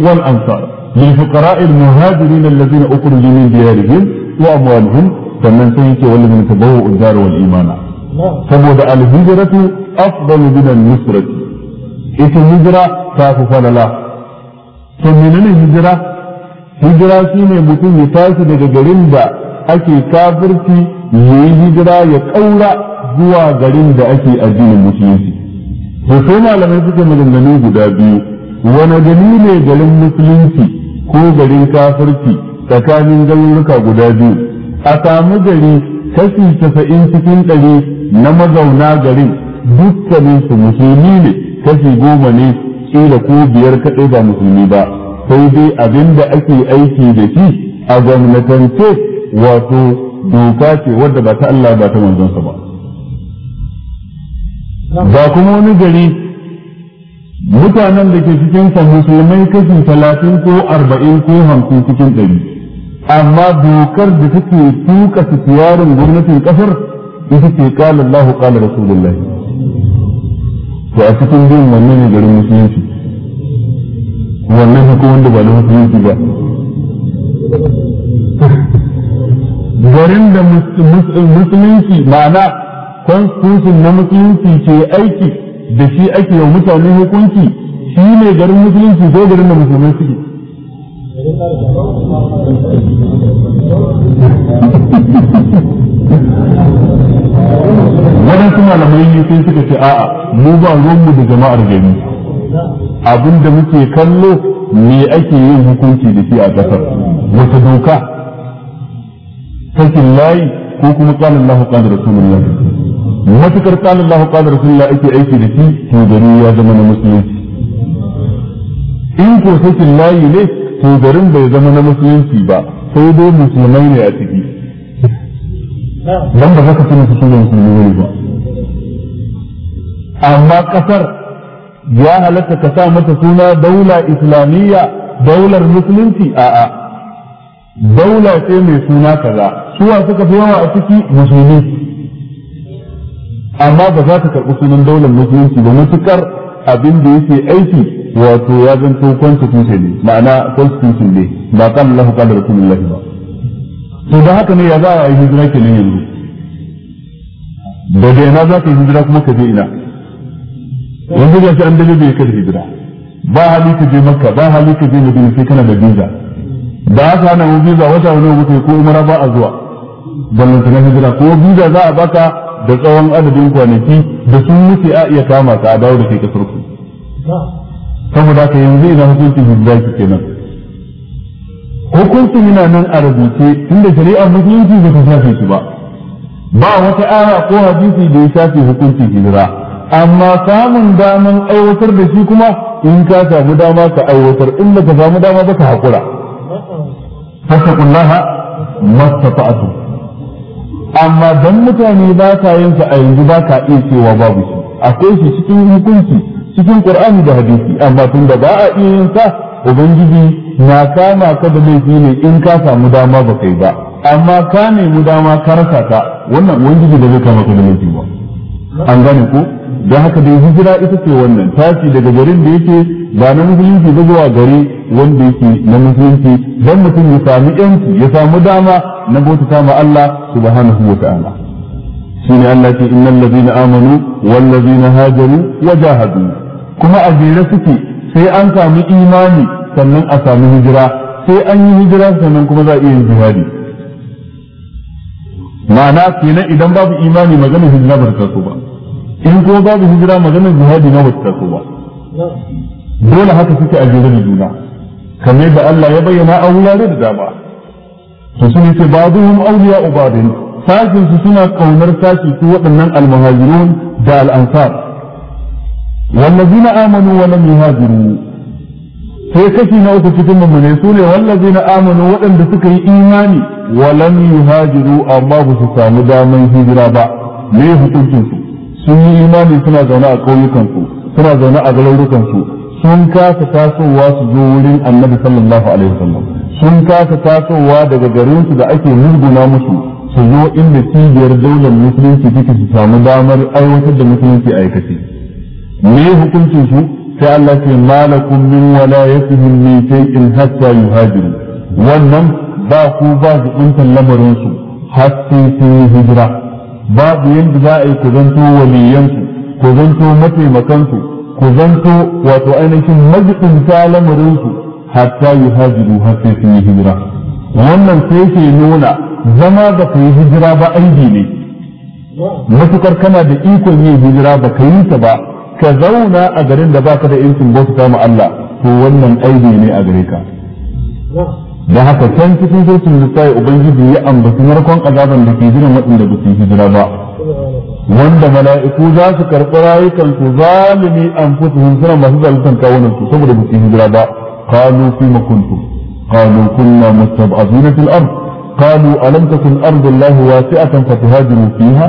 والأنصار للفقراء المهاجرين الذين أخرجوا من ديارهم وأموالهم فمن سيئت والذين تبوأوا الدار والإيمان فبود الهجرة أفضل من النصرة إذا الهجرة تاف فللا فمن الهجرة هجرة شيء mutum ya tashi daga garin da ake kafirci ya yi hijira ya ƙaura zuwa garin da ake addinin musulunci da sai malamai suke maganganu guda biyu wani gani ne garin musulunci ko garin kafirci tsakanin garuruka guda biyu a samu gari kashi casa'in cikin ɗari na mazauna garin dukkanin su musulmi ne kashi goma ne da ko biyar kaɗai ba musulmi ba sai dai abin da ake aiki da shi a gwamnatance wato doka ce wadda ba ta Allah ba ta manzonsa ba ba kuma wani gari mutanen da ke cikin sa musulmai kashi talatin ko arba'in ko hamsin cikin ɗari amma dokar da take tuka sitiyarin gwamnatin kasar ita ce kala Allah kala Rasulullah to a cikin bin wannan ne garin musulunci wannan hukumar da ba na musulunci ba garin da musulunci ma'ana konstitution na musulunci ke aiki da shi ake wa mutane hukunci shi ne garin musulunci ko garin da musulmai suke waɗansu malamai sai suka ce a'a mu ba ruwanmu da jama'ar gari abinda muke kallo me ake yin hukunci da shi a ƙasar wata doka kafin layi ko kuma qala Allahu qala rasulullah matukar qala Allahu qala rasulullah ake aiki da shi to gari ya zama na musulunci in ko sakin layi ne to garin bai zama na musulunci ba sai dai musulmai ne a ciki dan ba za ka sanin su ne musulmai ba amma kasar ya halatta ka sa mata suna daula islamiyya daular musulunci a'a daula ce mai suna kaza suwa suka fi yawa a ciki musulmi amma ba za ta karɓi sunan daular musulunci ba matukar abin da yake aiki wato ya zanto constitution ne ma'ana constitution ne ba kan lahu kan rasulullahi ba to da haka ne ya za a yi hijira kenan yanzu daga ina za ka yi hijira kuma ka je ina yanzu da shi an dalilin ya kai hijira ba hali ka je makka ba hali ka je madina sai kana da visa ba ka hana mu biza wata wani mutu ko umara ba a zuwa ballanta na hijira ko biza za a baka da tsawon adadin kwanaki da sun wuce a iya kama ka a dawo da kai kasar ku saboda ka yanzu ina hukuncin hijira ki kenan hukuncin yana nan a rubuce tunda shari'ar musulunci ba ta shafe shi ba ba wata aya ko hadisi da ya shafe hukuncin hijira amma samun daman aiwatar da shi kuma in ka samu dama ka aiwatar in ba ka samu dama ba ka haƙura fattaqullaha mastata'tu amma dan mutane ba ka yin sa a yanzu ba ka iya cewa babu shi akwai shi cikin hukunci cikin qur'ani da hadisi amma tun da ba a iya yin sa ubangiji na kama ka da laifi ne in ka samu dama ba kai ba amma ka mu dama ka rasa ka wannan ubangiji da zai kama ka da laifi ba an gane ko da haka dai hijira ita ce wannan tashi daga garin da yake ba na musulunci ba zuwa gari wanda yake na musulunci don mutum ya sami yanci ya samu dama na bauta ma Allah subhanahu wa ta'ala shine Allah ke innal ladina amanu wal ladina hajaru wajahadu kuma a jere suke sai an sami imani sannan a sami hijira sai an yi hijira sannan kuma za a iya jihadi ma'ana kenan idan babu imani magana hijira ba ta taso ba in kuma babu hijira maganar jihadi na wata taso ba dole haka suke a jere da juna kamar da Allah ya bayyana a wurare da dama to sun yace ba'dhum awliya ubadin sashin su suna kaunar sashi su waɗannan almuhajirun da al-ansar na amanu wa lam yuhajiru sai kashi na uku cikin mummune su ne wallazi na amanu waɗanda suka yi imani walam yuhajiru amma ba su samu daman hijira ba me hukuncin su sun yi imani suna zaune a ƙauyukansu suna zaune a garurukansu sun kasa tasowa su zo wurin annabi sallallahu alaihi wasallam sun kasa tasowa daga garinsu da ake murguna musu su zo inda cibiyar daular musulunci take su samu damar aiwatar da musulunci a aikace me hukuncin su sai Allah ce malakum min walayatihim min shay'in hatta yuhajiru wannan ba ku ba su lamarin su har sai sun yi hijira babu yanda za a yi ku zanto waliyansu ku zanto mataimakansu ku zanto wato ainihin majikunta lamarinsu hatta yi hajiru har sai sun yi hijira wannan sai ke nuna zama da ku yi hijira ba aiki ne matukar kana da ikon yin hijira ba ka yi ta ba ka zauna a garin da baka da ikon bauta ma Allah to wannan aiki ne a gare ka da haka can cikin sosin lissafi ubangiji ya ambaci markon azaban da ke jiran waɗanda ba su hijira ba wanda mala'iku za su karɓi rayukan su zalimi an fusuhun suna masu zalitan kawunan su saboda ba su hijira ba qalu fi ma kalu qalu kunna mustab'adina fil ard Fatiha alam takun ardullahi wasi'atan fatuhajiru fiha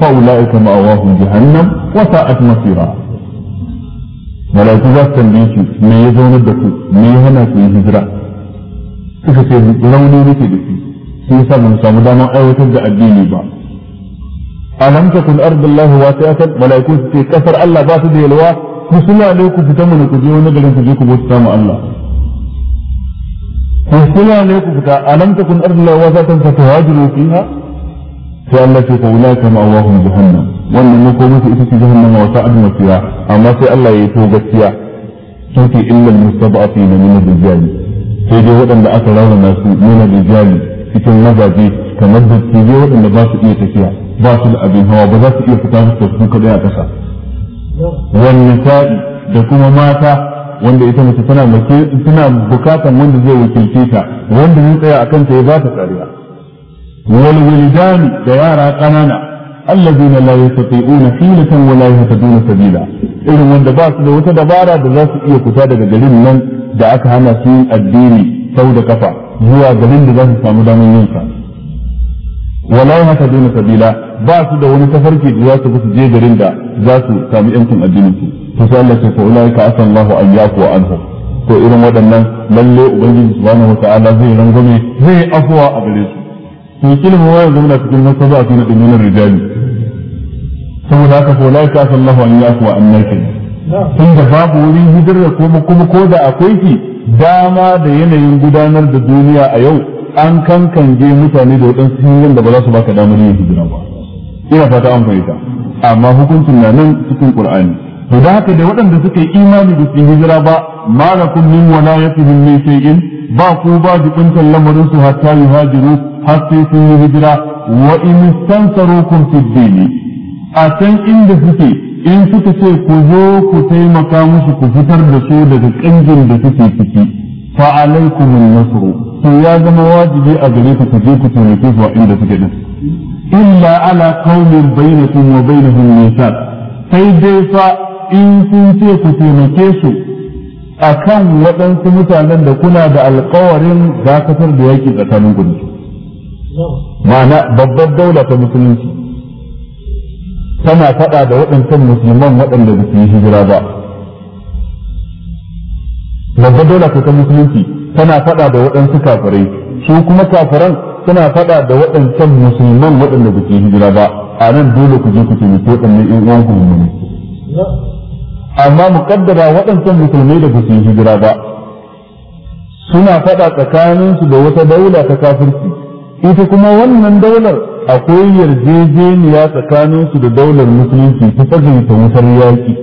fa ulaika ma'awahum jahannam wa sa'at masira mala'iku za su tambaye su me ya zaunar da ku me ya hana ku hijira suka ce rauni nake da shi shi yasa ban samu damar aiwatar da addini ba alam takun ardullahi wasi'atan malaiku su ce kasar Allah ba su da yalwa ku suna ne ku fita mana ku je wani garin ku je ku bauta mu Allah ku suna ne ku fita alam takun ardullahi wasi'atan fa tuhajiru fiha sai Allah ce fa ulaka ma Allahum jahannam wannan ne ko musu ita ce jahannama wa sa'ad masira amma sai Allah ya yi to gaskiya sai illal mustada'afina min ar-rijali sai dai waɗanda aka raunana su nuna rijali cikin mazaje kamar da tije waɗanda ba su iya tafiya ba su da abin hawa ba za su iya fita su su kaɗai a ƙasa wani sa'i da kuma mata wanda ita mace tana mace tana bukatan wanda zai wakilce ta wanda zai tsaya a kanta ya ba ta kariya wal wuldani da yara ƙanana allazina la yastati'una hilatan wa la yahtaduna sabila irin wanda ba su da wata dabara da za su iya kusa daga garin nan da aka hana su yin addini sau da kafa zuwa garin da za su samu damar yin sa wala yahtaduna sabila ba su da wani tafarki da za su bi su je garin da za su samu yancin addinin su to sai Allah ya ce fa ulaika asallahu an yaqwa anhum to irin waɗannan lalle ubangiji subhanahu wa ta'ala zai rangwame zai afuwa a gare su to kilma wa yanzu muna cikin masaba a cikin dunyanar rijali saboda haka ko lai ka sallahu an yaku wa Tun da babu wurin hijira kuma kuma ko da akwai ki dama da yanayin gudanar da duniya a yau an kankanje mutane da wadansu hanyoyin da ba za su baka damar yin hijira ba ina fata an fahimta amma hukuncin na nan cikin qur'ani to da haka da waɗanda suka yi imani da su hijira ba malakum min walayatihim min shay'in ba ku ba jikuntan lamarin su hatta yuhajiru har sai sun yi hijira wa in tansarukum fid dini a san inda suke in suka ce ku zo ku taimaka musu ku fitar da su daga kangin da suke ciki fa alaikum an to ya zama wajibi a gare ku ku je ku taimake su a inda suke din illa ala qaumin bainakum wa bainahum mithaq sai dai fa in sun ce ku taimake su akan waɗansu mutanen da kuna da alkawarin dakatar da yaƙi tsakanin gudu ma'ana babbar daula ta musulunci tana faɗa da waɗancan musulman waɗanda ba su yi hijira ba babbar daula ko ta musulunci tana faɗa da waɗansu kafirai su kuma kafiran suna faɗa da waɗancan musulman waɗanda ba su yi hijira ba a nan dole ku je ku taimaki waɗannan ƴan uwan ku ne. amma muƙaddara waɗancan musulmai da ba su yi hijira ba suna faɗa tsakaninsu da wata daula ta kafirci ita kuma wannan daular akwai yarjejeniya tsakaninsu da daular musulunci ta fahimta wutar yaƙi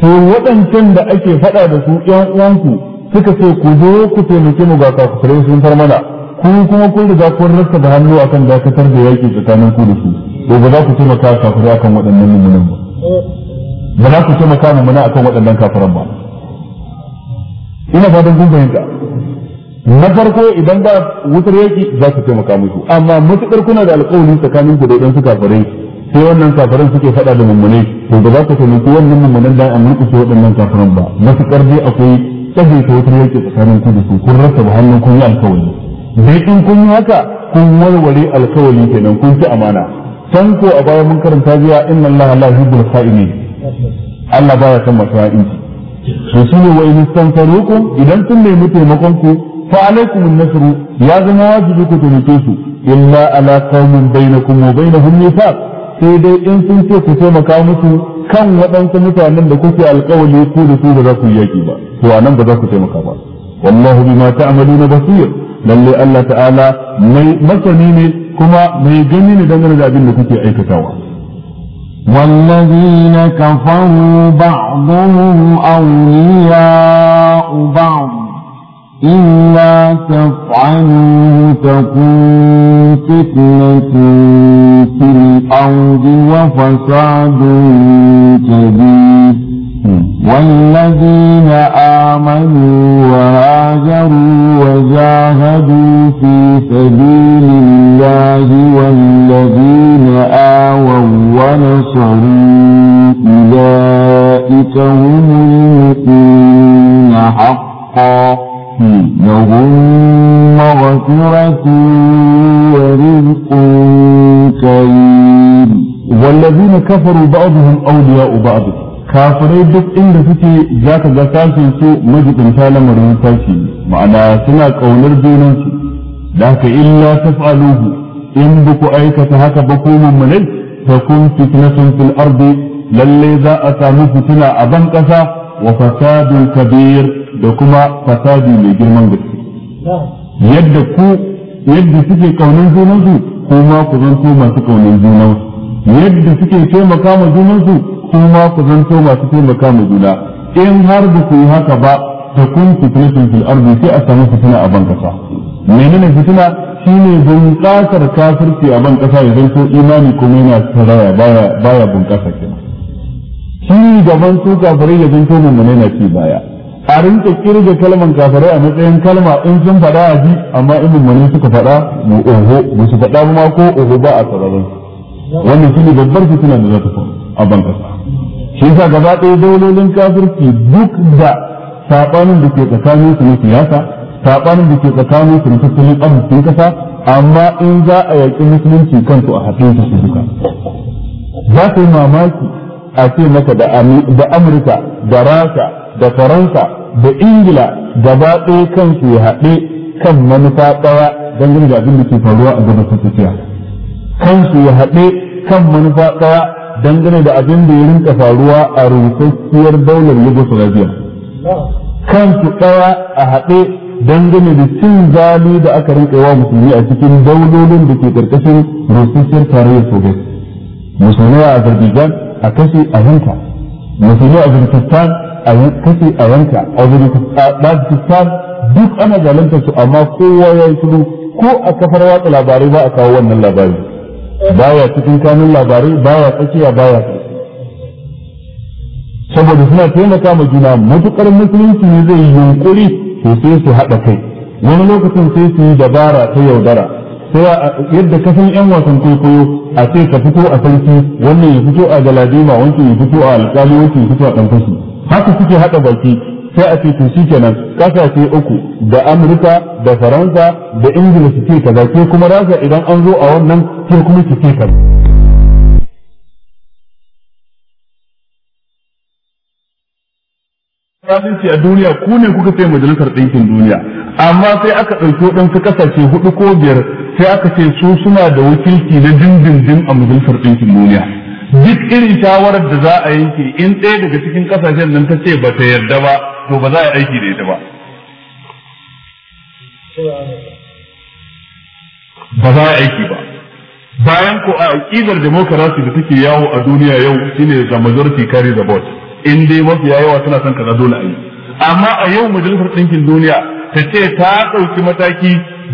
to waɗancan da ake faɗa da su ƴan uwanku suka ce ku zo ku taimake mu ga kafirai sun far mana ku kuma kun riga kun rasa da hannu akan dakatar da yaƙi tsakanin ku da su to ba za ku taimaka kafirai akan waɗannan mummunan ba ba za ku taimaka mummuna akan waɗannan kafiran ba ina fatan kun fahimta na farko idan ba wutar yaki za su taimaka musu amma matukar kuna da alƙawari tsakanin ku da idan suka farai sai wannan kafiran suke faɗa da mummune to ba za ku taimaki wannan mummunan da an su waɗannan kafiran ba matukar dai akwai tsaye ta wutar yaki tsakanin ku da su kun rasa ba hannun kun yi alƙawari dai in kun yi haka kun warware alƙawari kenan kun ci amana can ko a baya mun karanta biya inna laha la yuhibbul kha'imin Allah baya son masu ha'inci to shine wa in idan kun nemi taimakon ku fa alaikum an ya zama wajibi ku taimake su illa ala qaumin bainakum wa bainahum mithaq sai dai in sun ce ku taimaka musu kan waɗansu mutanen da kuke alƙawari ku da su ba za ku yaki ba to anan ba za ku taimaka ba wallahu bima ta'maluna basir lalle Allah ta'ala mai masani ne kuma mai gani ne dangane da abin da kuke aikatawa والذين كفروا بعضهم أولياء بعض إلا تفعلوا تكون فتنة في الأرض وفساد كبير والذين آمنوا وهاجروا وجاهدوا في سبيل الله والذين آووا ونصروا أولئك هم المؤمنون حقا لهم مغفرة ورزق كريم والذين كفروا بعضهم أولياء بعض kafirai duk inda suke za ka ga sashen su majibinta lamarin sashi ma'ana suna ƙaunar junansu da haka illa taf'aluhu in ba ku aikata haka ba ku mummunai ta kun fitnatun fil ardi lalle za a samu fitina a ban ƙasa wa fasadun kabir da kuma fasadi mai girman gaske yadda ku yadda suke kaunin junansu kuma ku zanto masu kaunin junan yadda suke taimaka ma junansu kuma ku zanto masu taimaka ma juna in har da ku yi haka ba ta kun fitnatun fil arzi sai a samu fitina a ban kasa menene fitina shine bunƙasar kafirci a ban kasa idan ko imani kuma yana saraya baya baya bunƙasa kenan shi gaban su kafirai ya zanto mun na ci baya a rinka kirga kalman kafirai a matsayin kalma in sun faɗa a ji amma in mummuni suka faɗa mu oho mu su faɗa ma ko oho ba a sararin wannan ne babbar fitina da za ta faru a bankasa shi yasa gaba ɗaya daulolin kafirci duk da saɓanin da ke tsakanin su na siyasa saɓanin da ke tsakanin su na tattalin arzikin kasa amma in za a yaƙi musulunci kansu a haɗin su su duka za ka yi mamaki a ce maka da Amurka da Rasha da faransa da ingila gaba ɗaya kansu ya haɗe kan manufa ɗaya dangane da abin da ke faruwa a tafiya. Kan kansu ya haɗe kan manufa ɗaya dangane da abin da ya rinka faruwa a rinsasshiyar daular yugoslavia kansu ɗaya a haɗe dangane da cin zali da aka rinka wa musulmi a cikin daulolin da ke ƙarƙashin rinsasshiyar tarayyar soviet musulmi a azerbaijan a kashe a yanka musulmi a Uzbekistan a kashe a yanka a duk ana zalunta su amma kowa ya yi shiru ko a kafar watsa labarai ba a kawo wannan labari baya cikin kanun labarai baya tsakiya baya saboda suna taimaka ma juna matukar musulunci ne zai yi yunkuri to sai su haɗa kai wani lokacin sai su yi dabara ta yaudara sai yadda ka san yan wasan kwaikwayo a ce ka fito a sarki wannan ya fito a galadima wancan ya fito a alƙali wancan ya fito a ɗan haka suke haɗa baki sai a ce to nan ƙasashe uku da Amurka da Faransa da Ingila su ce kaza ke kuma rasa idan an zo a wannan ke kuma su ce kaza zalunci a duniya ku ne kuka ce majalisar ɗinkin duniya amma sai aka ɗauki waɗansu ƙasashe hudu ko biyar sai aka ce su suna da wakilci na dindindin a majalisar ɗinkin duniya duk irin shawarar da za a yanke in ɗaya daga cikin ƙasashen nan ta ce ba ta yarda ba to ba za a aiki da ita ba ba za a aiki ba bayan ko a aƙidar demokarasi da take yawo a duniya yau shine the majority carry the vote in dai mafiya yawa suna son kaza dole a yi amma a yau majalisar ɗinkin duniya ta ce ta ɗauki mataki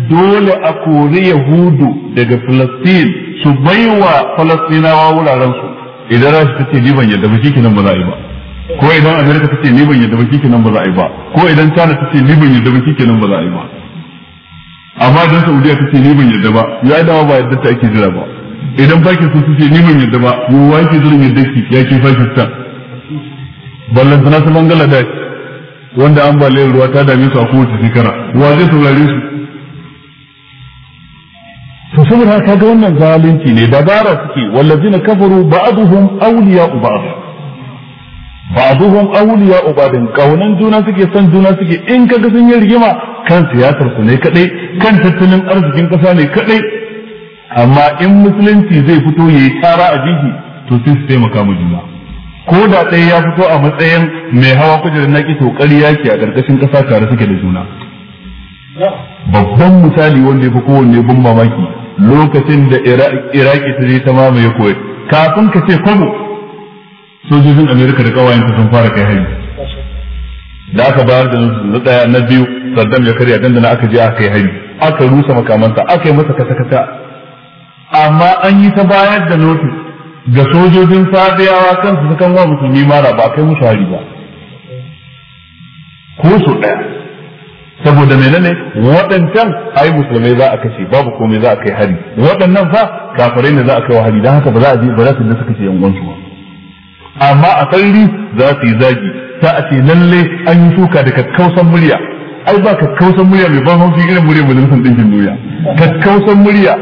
dole a kori yahudu daga filastin su baiwa falastinawa wuraren su idan rashi ta ce ni ban yadda ba shikenan ba za a yi ba ko idan amerika ta ce ni ban yadda ba shikenan ba za a yi ba ko idan china ta ce ni ban yadda ba shikenan ba za a yi ba amma idan saudiya ta ce ni ban yadda ba ya dawa ba yadda ta ake jira ba idan pakistan ta ce ni ban yadda ba mu ke zurin yadda ki ya ke pakistan ballan tana su bangaladesh wanda ambaliyar ruwa ta dame su a kowace shekara wa zai saurare su to saboda haka ga wannan zalunci ne dabara suke wallazina kafaru ba'duhum awliya ba'd ba'duhum awliya ba'd kaunan juna suke son juna suke in kaga sun yi rigima kan siyasar su ne kadai kan tattalin arzikin kasa ne kadai amma in musulunci zai fito yayi tsara a jiki to sai su taimaka mu juna ko da ɗaya ya fito a matsayin mai hawa kujerar naki to ƙarya ke a ƙarƙashin ƙasa tare suke da juna babban misali wanda ya fi kowanne bin mamaki lokacin da iraki ta je ta mamaye kuwait kafin ka ce kwabo sojojin amerika da ƙawayenta sun fara kai hari da aka bayar da na ɗaya na biyu saddam ya karya dandana aka je aka yi hari aka rusa makamanta aka yi masa kata-kata amma an yi ta bayar da notice ga sojojin kan su kan wa musulmi mara ba kai musu hari ba ko su ɗaya saboda menene waɗancan ai musulmai za a kashe babu komai za a kai hari waɗannan fa kafirai ne za a kai wa hari don haka ba za a je ba za su da suka ce yan ba amma a sarri za su yi zagi za a ce lalle an yi suka da kakkausan murya ai ba kakkausan murya mai ban haushi irin murya mai majalisar ɗinkin duniya kakkausan murya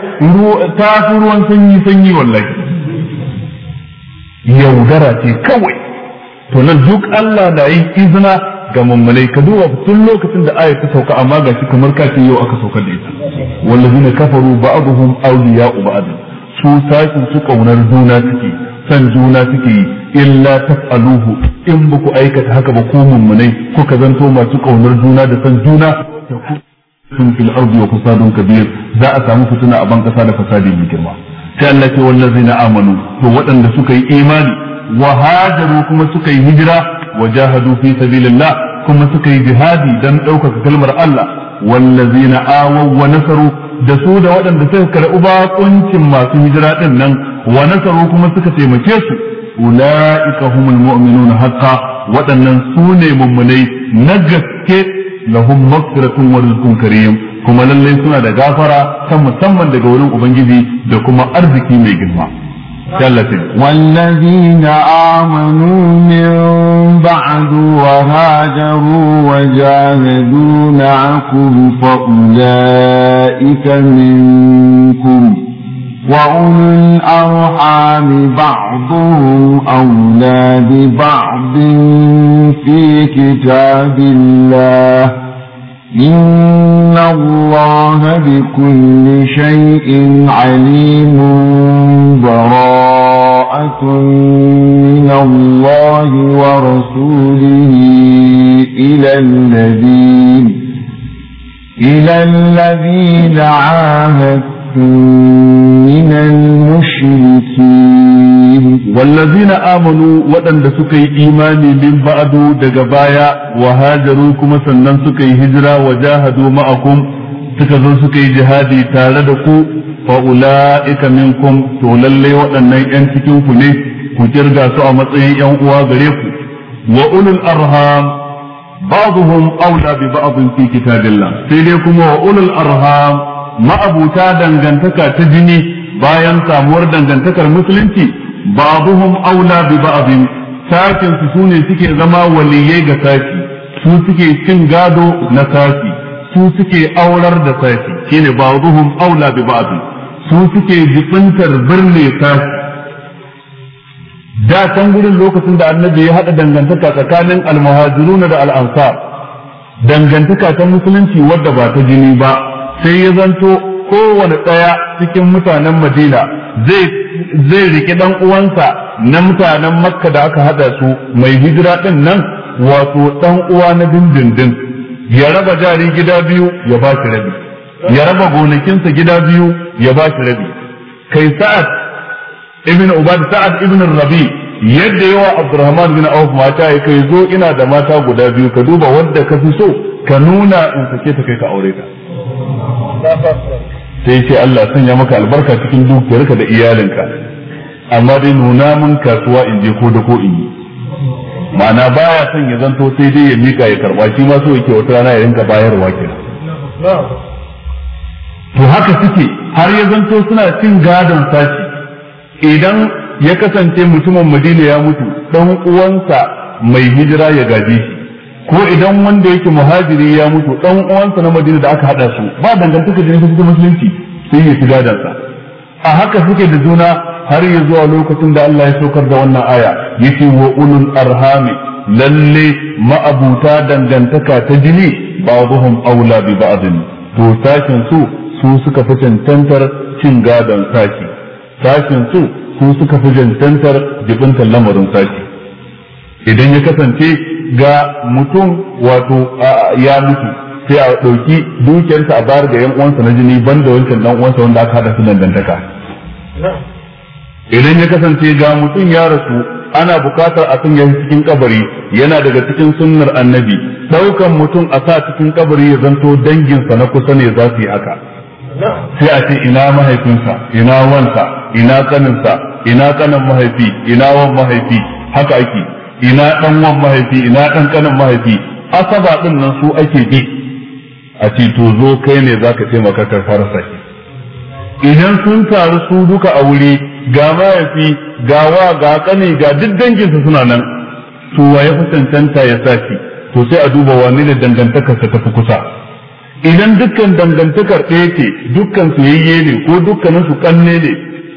ta fi ruwan sanyi sanyi wallahi yaudara ce kawai to nan duk Allah na yi izina ga mummunai ka duba tun lokacin da aya ta sauka amma ga shi kamar kafin yau aka saukar da ita wallazina kafaru ba'dhum awliya'u ba'd su sakin su kaunar juna suke san juna suke yi illa taf'aluhu in baku aikata haka ba ku mummunai kuka zanto masu kaunar juna da san juna sun fil ardi wa fasadun kabir za a samu fitina a ban kasa da fasadi mai girma sai Allah ce amanu to waɗanda suka yi imani wa hajaru kuma suka yi hijira wa jahadu fi sabilillah kuma suka yi jihadi dan ɗaukaka kalmar Allah wallazina awaw wa nasaru da su da waɗanda suka karɓi baƙuncin masu hijira ɗin nan wa nasaru kuma suka taimake su ulaika humul mu'minuna haqqan waɗannan su ne mummunai na gaske lahum maghfiratun wa rizqun karim kuma lallai suna da gafara ta musamman daga wurin ubangiji da kuma arziki mai girma والذين آمنوا من بعد وهاجروا وجاهدوا معكم فأولئك منكم وأولو الأرحام بعضهم أولى ببعض في كتاب الله إن الله بكل شيء عليم براءة من الله ورسوله إلى الذين إلى الذين عاهدتم من المشركين wallazina amanu waɗanda suka yi imani min ba'du daga baya wa hajaru kuma sannan suka yi hijira wa jahadu ma'akum suka zo suka yi jihadi tare da ku fa ula'ika minkum to lalle waɗannan yan cikin ku ne ku kirga su a matsayin yan uwa gare ku wa ulul arham ba'dhum aula bi ba'dhin fi kitabillah sai dai kuma wa ulul arham ma'abuta dangantaka ta jini bayan samuwar dangantakar musulunci بعضهم aula ببعض ساكن su sune suke zama waliyai ga saki su suke cin gado na saki su suke aurar da saki shine ba'dhum aula bi su suke birne saki da can gurin lokacin da annabi ya haɗa dangantaka tsakanin almuhajiruna da al'ansar dangantaka ta musulunci wadda ba ta jini ba sai ya zanto kowane ɗaya cikin mutanen madina zai zai riki ɗan uwansa na mutanen makka da aka haɗa su mai hijira ɗin nan wato dan uwa na dindindin ya raba jari gida biyu ya ba shi rabi ya raba gonakinsa gida biyu ya ba shi rabi kai sa'ad ibn ubad sa'ad ibn rabi yadda yawa abdurrahman bin auf mata ya kai zo ina da mata guda biyu ka duba wanda ka fi so ka nuna in sake ta kai ka aure ta sai ce Allah sanya maka albarka cikin dukiyarka da iyalinka amma dai nuna mun kasuwa in je ko da ko in yi ma'ana baya son ya zanto sai dai ya mika ya karba shi ma so yake wata rana ya rinka bayarwa kenan to haka suke har ya zanto suna cin gadon sashi idan ya kasance mutumin Madina ya mutu dan uwansa mai hijira ya gaje shi ko idan wanda yake muhajiri ya mutu dan uwansa na Madina da aka hada su ba dangantaka da cikin musulunci sai ya shiga dansa a haka suke da juna har ya zuwa lokacin da Allah ya saukar da wannan aya yace wa ulul arhami lalle ma'abuta dangantaka ta jini ba ba'dhum aula bi ba'din to sashin su su suka fi cancantar cin gadon saki. sashin su su suka fi cancantar jibin lamarin saki idan ya kasance ga mutum wato ya mutu sai a ɗauki dukiyarsa a bayar daga yan uwansa na jini ban da wancan dan uwansa wanda aka hada su dangantaka idan ya kasance ga mutum ya rasu ana bukatar a sanya shi cikin kabari yana daga cikin sunnar annabi ɗaukan mutum a sa cikin kabari ya zanto danginsa na kusa ne za su yi haka sai a ce ina mahaifinsa ina wansa ina kaninsa ina kanin mahaifi ina wan mahaifi haka ake ina dan wan mahaifi ina dan kanin mahaifi asaba din nan su ake bi a ce to zo kai ne zaka taimaka ka fara sai idan sun taru su duka a wuri ga mahaifi ga wa ga kani ga duk danginsa suna nan to waye fi cancanta ya saki to sai a duba wani da dangantakarsa ta fi kusa idan dukkan dangantakar ɗaya ce dukkan su yayye ne ko dukkanin su kanne ne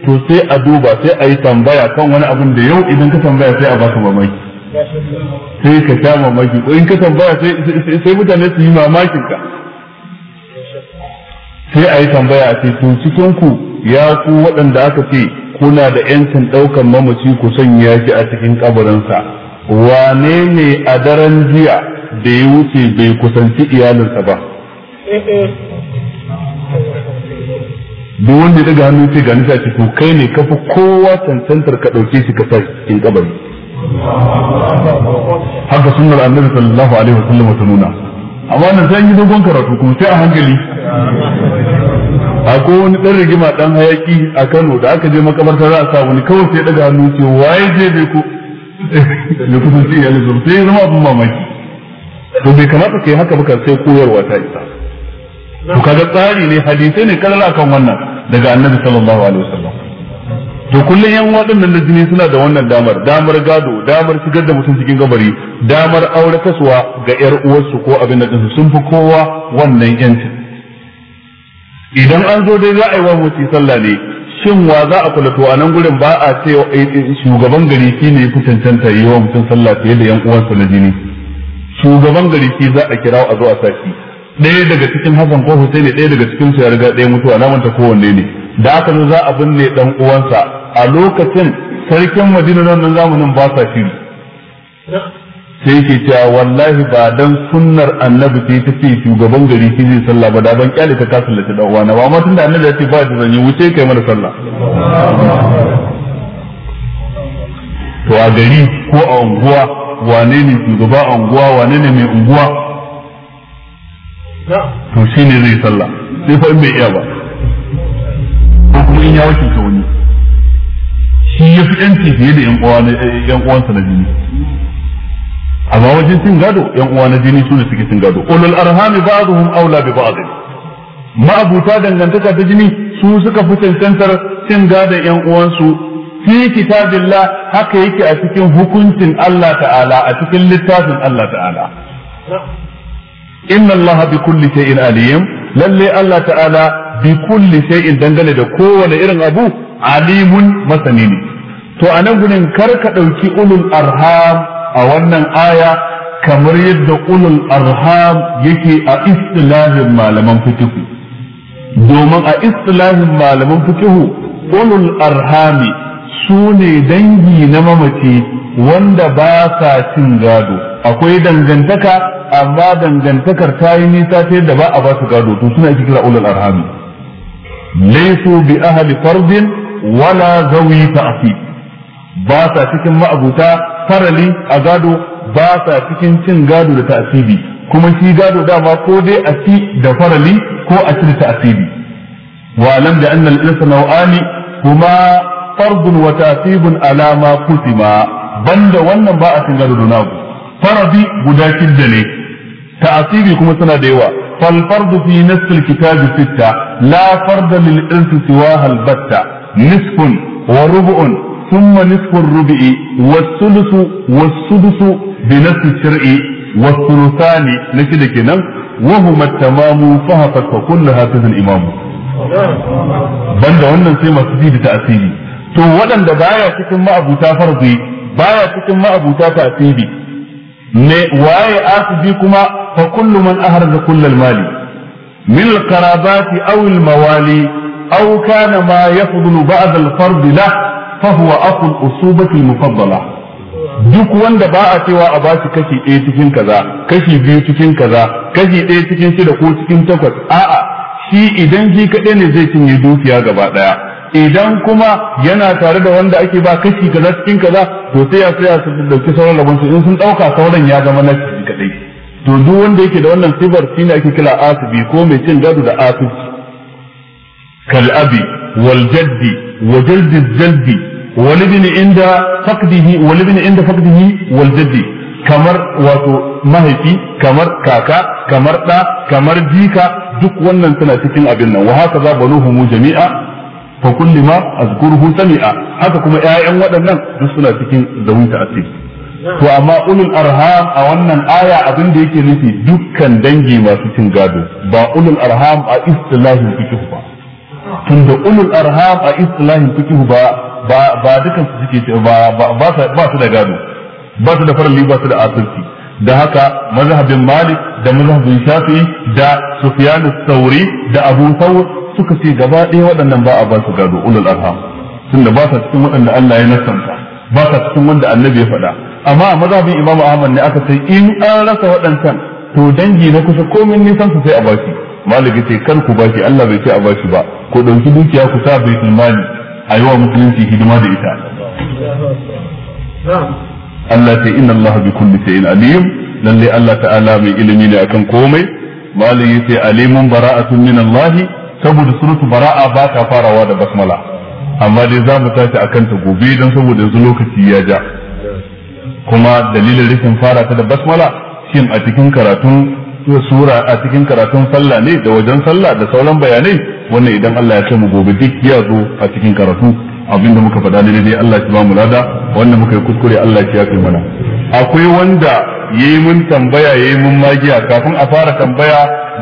to sai a duba sai a yi tambaya kan wani abin da yau idan ka tambaya sai a baka mamaki sai ka sha mamaki ko in ka tambaya sai mutane su yi mamakin ka sai a yi tambaya a ce to cikin ku ya ku waɗanda aka ce kuna da yancin ɗaukan mamaci ku sanya shi a cikin kabarinsa wane ne a daren jiya da ya wuce bai kusanci iyalinsa ba duk wanda ya daga hannu ce ga nisa ce to kai ne kafa kowa cancantar ka ɗauke shi ka sa cikin kabari haka sunnar annabi sallallahu alaihi wasallam ta nuna amma nan sai yi dogon karatu kuma sai a hankali akwai wani dan rigima dan hayaki a Kano da aka je makabarta za a sa wani kawai sai daga hannu ce waye je bai ku ne kuma sai ya lizo sai ya zama abin mamaki to bai kamata kai haka ba sai koyarwa ta isa to kaga tsari ne hadisai ne kallon akan wannan daga annabi sallallahu alaihi wasallam to kullun yan waɗannan na jini suna da wannan damar damar gado damar shigar da mutum cikin gabari damar aure kasuwa ga yar uwarsu ko abin da dinsu sun fi kowa wannan yanci idan an zo dai za a yi wa mutum sallah ne shin wa za a kula to a nan gurin ba a ce eh, eh, shugaban gari shi ne fi cancanta yi wa mutum sallah fiye da yan uwarsa na jini shugaban gari shi za a kira a zo a saki ɗaya daga cikin Hassan ko Hussein ɗaya daga cikin su ya riga ɗaya mutuwa na manta kowanne ne da aka za a binne dan uwansa a lokacin sarkin madina nan zamanin ba sa shiri sai ke cewa wallahi ba dan sunnar annabi sai ta ce shugaban gari shi zai sallah ba da ban kyale ta kasallace dan uwana ba amma tunda annabi ya ce ba da zanyi wuce kai mana sallah to a gari ko a unguwa wane ne shugaba a unguwa wane ne mai unguwa to shine zai sallah sai fa in bai iya ba dan ya wakilta wani shi ya fi yanci fiye da yan uwansa na jini amma wajen cin gado yan uwa na jini su ne suke cin gado ulul arhami ba'dhum aula bi ba'd ma'abuta dangantaka ta jini su suka fi cancantar cin gadon yan uwansu fi kitabillah haka yake a cikin hukuncin Allah ta'ala a cikin littafin Allah ta'ala inna Allah bi kulli shay'in alim lalle Allah ta'ala bikulli shay'in dangane da kowane irin abu alimun masani ne to a nan gurin kar ka ɗauki ulul arham a wannan aya kamar yadda ulul arham yake a istilahin malaman fikihu domin a istilahin malaman fikihu ulul arhami su ne dangi na mamaci wanda ba sa cin gado akwai dangantaka amma dangantakar ta yi nisa ta yadda ba a ba su gado to suna kira ulul arhami laisu bi ahli fardin wala zawi ta'fi ba sa cikin ma'abuta farali a gado ba sa cikin cin gado da ta'asibi kuma shi gado dama ko dai a ci da farali ko a ci da ta'asibi wa lam da annal insana wa'ani kuma fardun wa alama ala ma kusima banda wannan ba a cin gado da nagu farabi guda kidda ne ta'asibi kuma suna da yawa fal fardu fi nass al kitab sitta la farda lil irsi siwaha al batta nisfun wa rub'un thumma nisfu rub'i was sulusu was sudusu bi nass imam banda wannan sai masu ji da ta'asibi to waɗanda baya cikin ma'abuta farzi baya cikin ma'abuta ta'asibi ne waye asibi kuma فكل من أهرج كل المال من القرابات أو الموالي أو كان ما يفضل بعد الفرض له فهو أخو الأصوبة المفضلة duk wanda ba a cewa a bashi kashi ɗaya cikin kaza kashi biyu cikin kaza kashi ɗaya cikin shida ko cikin takwas a'a shi idan shi kaɗai ne zai cinye dukiya gaba ɗaya idan kuma yana tare da wanda ake ba kashi kaza cikin kaza to sai ya sai ya dauki sauran rabon in sun ɗauka sauran ya zama na kaɗai to duk wanda yake da wannan sifar ne ake kira asibi ko mai cin gado da Asibi. kal abi wal jaddi wa jaldi jaldi wal ibn inda faqdihi wal ibn inda faqdihi wal jaddi kamar wato mahaifi kamar kaka kamar da kamar jika duk wannan suna cikin abin nan wa haka za banuhumu jami'a fa kulli azkuruhu sami'a haka kuma ƴaƴan waɗannan duk suna cikin zawunta asiri to amma ulul arham a wannan aya abin da yake nufi dukkan dangi masu cin gado ba ulul arham a istilahin fiqh ba tunda ulul arham a istilahin fiqh ba ba dukan su suke ba ba su da gado ba su da farali ba su da asirci da haka mazhabin malik da mazhabin shafi'i da sufyan sauri da abu thawr suka ce gaba ɗaya waɗannan ba a ba su gado ulul arham tunda ba sa cikin waɗanda Allah ya nasanta ba sa cikin wanda annabi ya faɗa amma a mazhabin imam ahmad ne aka sai in an rasa waɗancan to dangi na kusa komin nisan su sai a bashi maliki ce kar ku bashi Allah bai ce a bashi ba ku ɗauki dukiya ku sa bai mali a yi wa musulunci hidima da ita Allah ce inna Allah bi kulli shay'in alim lalle Allah ta'ala mai ilimi ne akan komai maliki ce alimun bara'atun min Allah saboda suratu bara'a ba ta farawa da basmala amma dai za mu tashi akan ta gobe don saboda yanzu lokaci ya ja kuma dalilin rikin fara ta da basmala shin a cikin karatun sura a cikin karatun sallah ne da wajen sallah da sauran bayanai wannan idan Allah ya mu gobe duk ya zo a cikin karatu abinda muka faɗa ne dai Allah ya ba mu lada wannan muka yi kuskure Allah ya kai mana akwai wanda yayi mun tambaya yayi mun magiya kafin a fara tambaya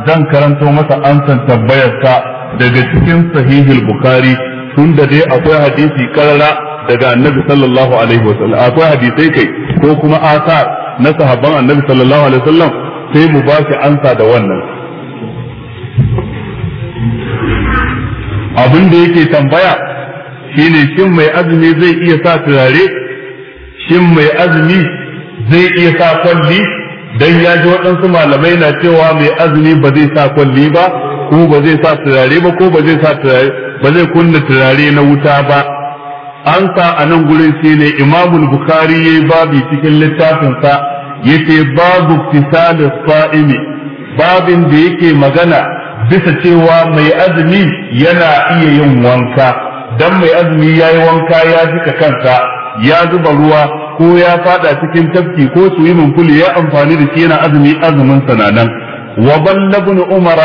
zan karanto masa ansan tambayar ka daga cikin sahihul bukhari tunda dai akwai hadisi karara daga annabi sallallahu alaihi wa sallam akwai hadisai kai ko kuma asa na sahabban annabi sallallahu alaihi wa sallam sai mu ba shi ansa da wannan abin da yake tambaya shine shin mai azumi zai iya sa turare shin mai azumi zai iya sa kwalli dan ya ji waɗansu malamai na cewa mai azumi ba zai sa kwalli ba ko ba zai sa turare ba ko ba zai sa turare ba zai kunna turare na wuta ba an sa a nan gurin shi ne imamul bukhari ya yi babi cikin littafinsa ya ce babu fisalis Sa'imi. babin da yake magana bisa cewa mai azumi yana iya yin wanka dan mai azumi ya yi wanka ya jika kansa ya zuba ruwa ko ya fada cikin tafki ko swimming pool ya amfani da shi yana azumi azumin sananan وبل ابن عمر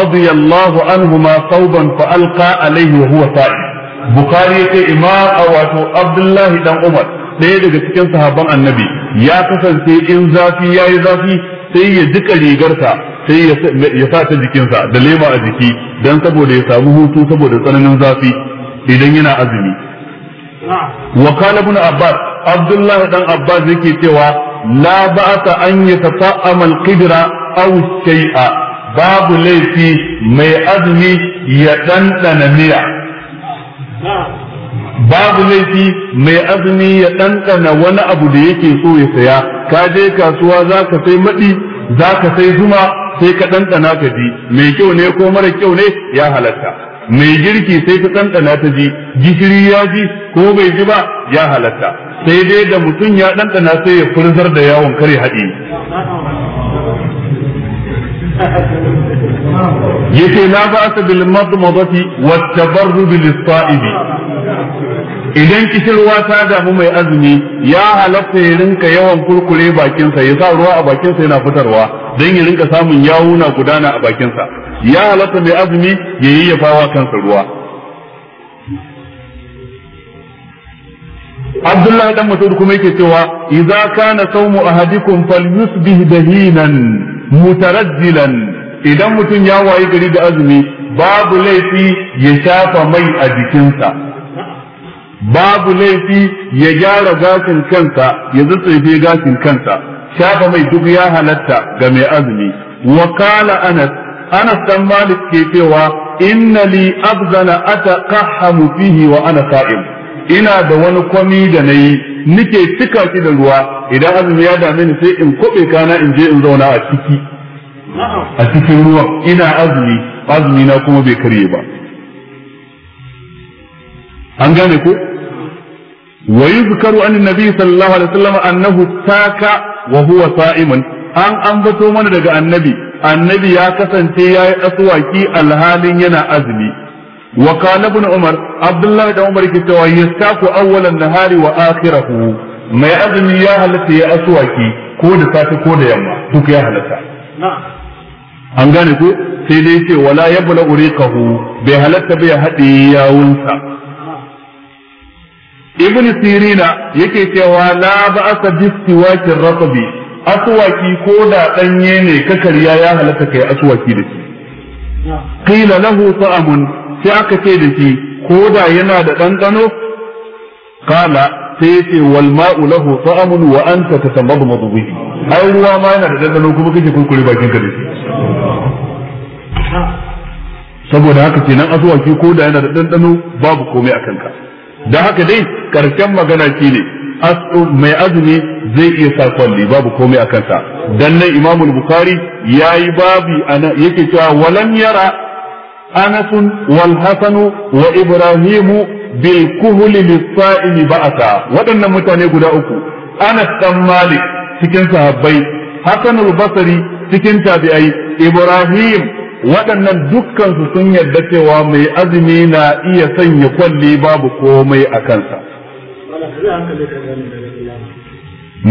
رضي الله عنهما ثوبا فألقى عليه وهو سائل bukhari yace imam wato abdullahi dan umar ɗaya daga cikin sahaban annabi ya kasance in zafi ya yi zafi sai ya jika rigarsa sai ya sa ta jikinsa da lema a jiki don saboda ya samu hutu saboda tsananin zafi idan yana azumi wa kana ibn abbas abdullahi dan abbas yake cewa la ba'ata an yatata'ama al qibra aw shay'a babu laifi mai azumi ya dandana miya babu laifi mai azumi ya ɗanɗana wani abu da yake so ya saya ka je kasuwa za ka sai maɗi za ka sai zuma sai ka ɗanɗana ka ji mai kyau ne ko mara kyau ne ya halatta mai girki sai ta ɗanɗana ta ji gishiri ya ji ko bai ji ba ya halatta sai dai da mutum ya ɗanɗana sai ya furzar da yawon kare haɗi yace ba ba'sa bil madmadati wa tabarru bil sa'ibi idan kishirwa ta damu mai azumi ya halatta ya rinka yawan kurkure bakinsa ya sa ruwa a bakinsa yana fitarwa dan ya rinka samun yawuna gudana a bakinsa ya halatta mai azumi ya yi yafawa kansa ruwa Abdullahi dan mutum kuma yake cewa idza kana sawmu ahadikum falyusbih dahinan mutarazzilan idan mutum ya wayi gari da azumi babu laifi ya shafa mai a jikinsa babu laifi ya gyara gashin kansa ya zutsefe gashin kansa shafa mai duk ya halatta ga mai azumi wa kala anas anas dan malik ke cewa inna li afzala ataqahhamu fihi wa ana sa'im ina da wani kwami da na yi nike cika shi da ruwa idan azumi ya dame ni sai in kobe kana in je in zauna a ciki a cikin ruwa ina azumi azumi na kuma bai karye ba an gane ko wa yuzkaru an nabi sallallahu alaihi wasallam annahu taka wa huwa sa'iman an ambato mana daga annabi annabi ya kasance yayi aswaki alhalin yana azumi wa kana umar abdullahi da umar ke cewa yastaku awwalan nahari wa akhirahu mai azumi ya halatta ya aswaki ko da safe ko da yamma duk ya halatta an gane ko sai dai ce wala yabla uriqahu bai halarta halatta bai hade yawunsa ibn sirina yake cewa laba la ba'asa wakin raqabi aswaki ko da danye ne ka kakariya ya halatta kai aswaki da shi qila a mun. sai aka ce da shi ko da yana da ɗanɗano kala sai ya ce wal ma'u lahu ta'amun wa anta tasammadu madhubihi ai ruwa ma yana da ɗanɗano kuma kake kurkure bakin ka da shi saboda haka kenan ki ko da yana da ɗanɗano babu komai a kanka da haka dai karshen magana ne mai azumi zai iya sa kwalli babu komai a kansa dan nan imamul bukhari yayi babi ana yake cewa walam yara wa Ibrahimu وإبراهيم بالكهل للصائم بأسا ودن Waɗannan mutane guda uku Anas مالك سكن صحابي حسن البصري cikin tabia'i, Ibrahim waɗannan dukkansu sun yarda cewa mai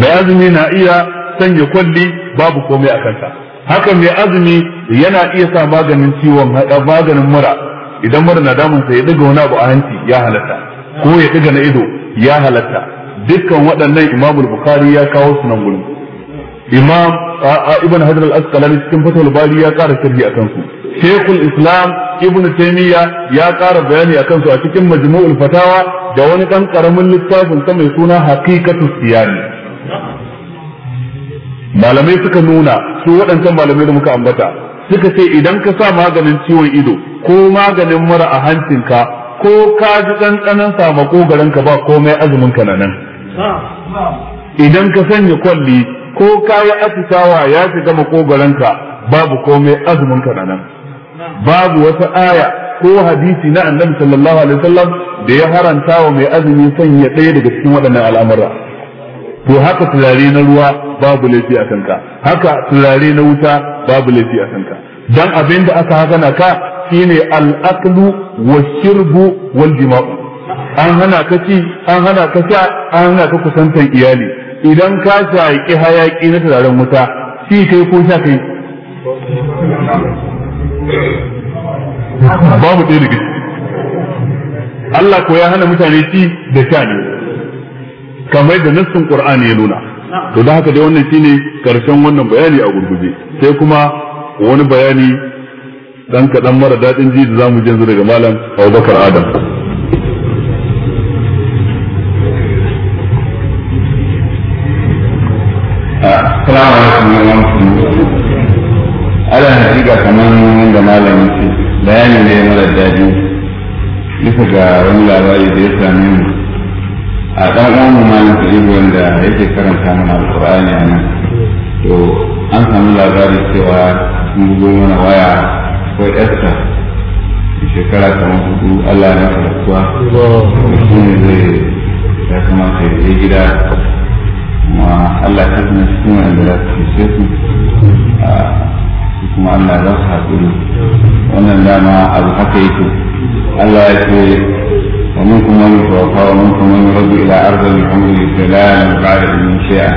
Mai azumi na iya sanya kwalli babu komai a kansa. haka mai azumi yana iya sa maganin ciwon haɗa eh, maganin mura idan mura na damun sa ya ɗiga wani abu a hanci ya halatta ko ya ɗiga na ido ya halatta dukkan waɗannan Imam Bukhari ya kawo su nan gurin Imam Ibn Hajar al-Asqalani cikin Fathul Bari ya ƙara sharhi a kansu. Shekul Islam Ibn taimiyya ya ƙara bayani a kansu a cikin Majmu'ul Fatawa da wani ɗan ƙaramin littafin ta mai suna Haqiqatus Siyani malamai suka nuna su waɗancan malamai da muka ambata suka ce idan ka sa maganin ciwon ido ko maganin mura a hancinka ko ka ji ɗanɗanon garin ka ba komai azumin ka nan idan ka sanya kwalli ko ka yi atisawa ya shiga ka babu komai azumin ka nan babu wata aya ko hadisi na annabi sallallahu alaihi wasallam da ya haranta wa mai azumi sanya ɗaya daga cikin waɗannan al'amura to haka turare na ruwa babu laifi a kanka haka turare na wuta babu laifi a kanka dan abin da aka hana ka shine al-aqlu wa shirbu wal-jima'u an hana ka ci an hana ka sha an hana ka kusantan iyali idan ka shaƙi hayaƙi na turaren wuta shi kai ko sha kai babu ɗaya daga Allah ko ya hana mutane ci da sha ne kamar da nassin Qur'ani ya nuna to da haka dai wannan shine karshen wannan bayani a gurguje sai kuma wani bayani dan kadan mara dadin ji da zamu yanzu daga malam Abubakar Adam ah, Assalamu alaikum ala hakika kamar da malam bayani ne mara daji bisa ga wani labari da ya sami. mu a ɗan ɗan mu malam kalibu wanda yake karanta mana alqur'ani a nan to an samu labari cewa sun bugo mana waya ko esta shekara kamar hudu Allah ne zai ya kamata ya gida kuma Allah ya za za su haƙuri wannan dama abu haka yake Allah ya ce ومنكم من يتوفى ومنكم من يرد إلى أرض الحمد للسلام بعد إذن شاء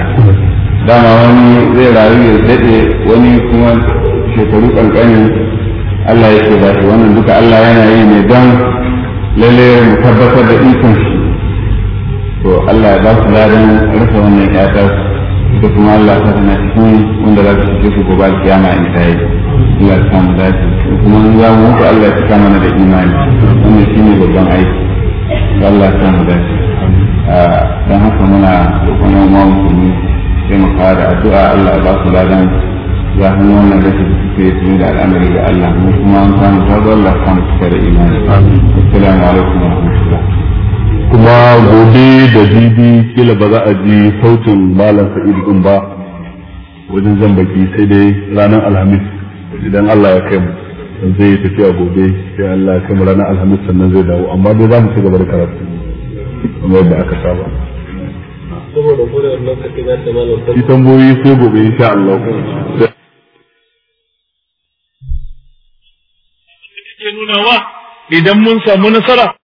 dama wani zai rayu ya daɗe wani kuma shekaru ƙanƙanin Allah yake ba shi wannan duka Allah yana yi ne don lalle mu tabbatar da ikon shi to Allah ya ba su ladan rasa wannan ƴata da kuma Allah ta tana cikin wanda za su cike su gobe alkiyama in ta yi Allah ya samu dace kuma in za mu mutu Allah ya cika mana da imani wannan shine babban aiki Allah ta mu dace ah, don haka muna roƙon yan uwa musulmi taimaka da addu'a Allah ba su ladan ya hannu wannan da suke yi da al'amari da Allah mu kuma an samu sabon Allah samu cika da imani assalamu alaikum wa rahmatullah kuma gobe da bibi kila ba za a ji sautin malam sa'id din ba wajen zan baki sai dai ranar alhamis idan Allah ya kai mu zai tafiya gobe sai Allah ya kai ranar alhamis sannan zai dawo amma dai za mu ci gaba da karatu kamar yadda aka saba saboda tamboyi sai gobe insha Allah ke nunawa idan mun samu nasara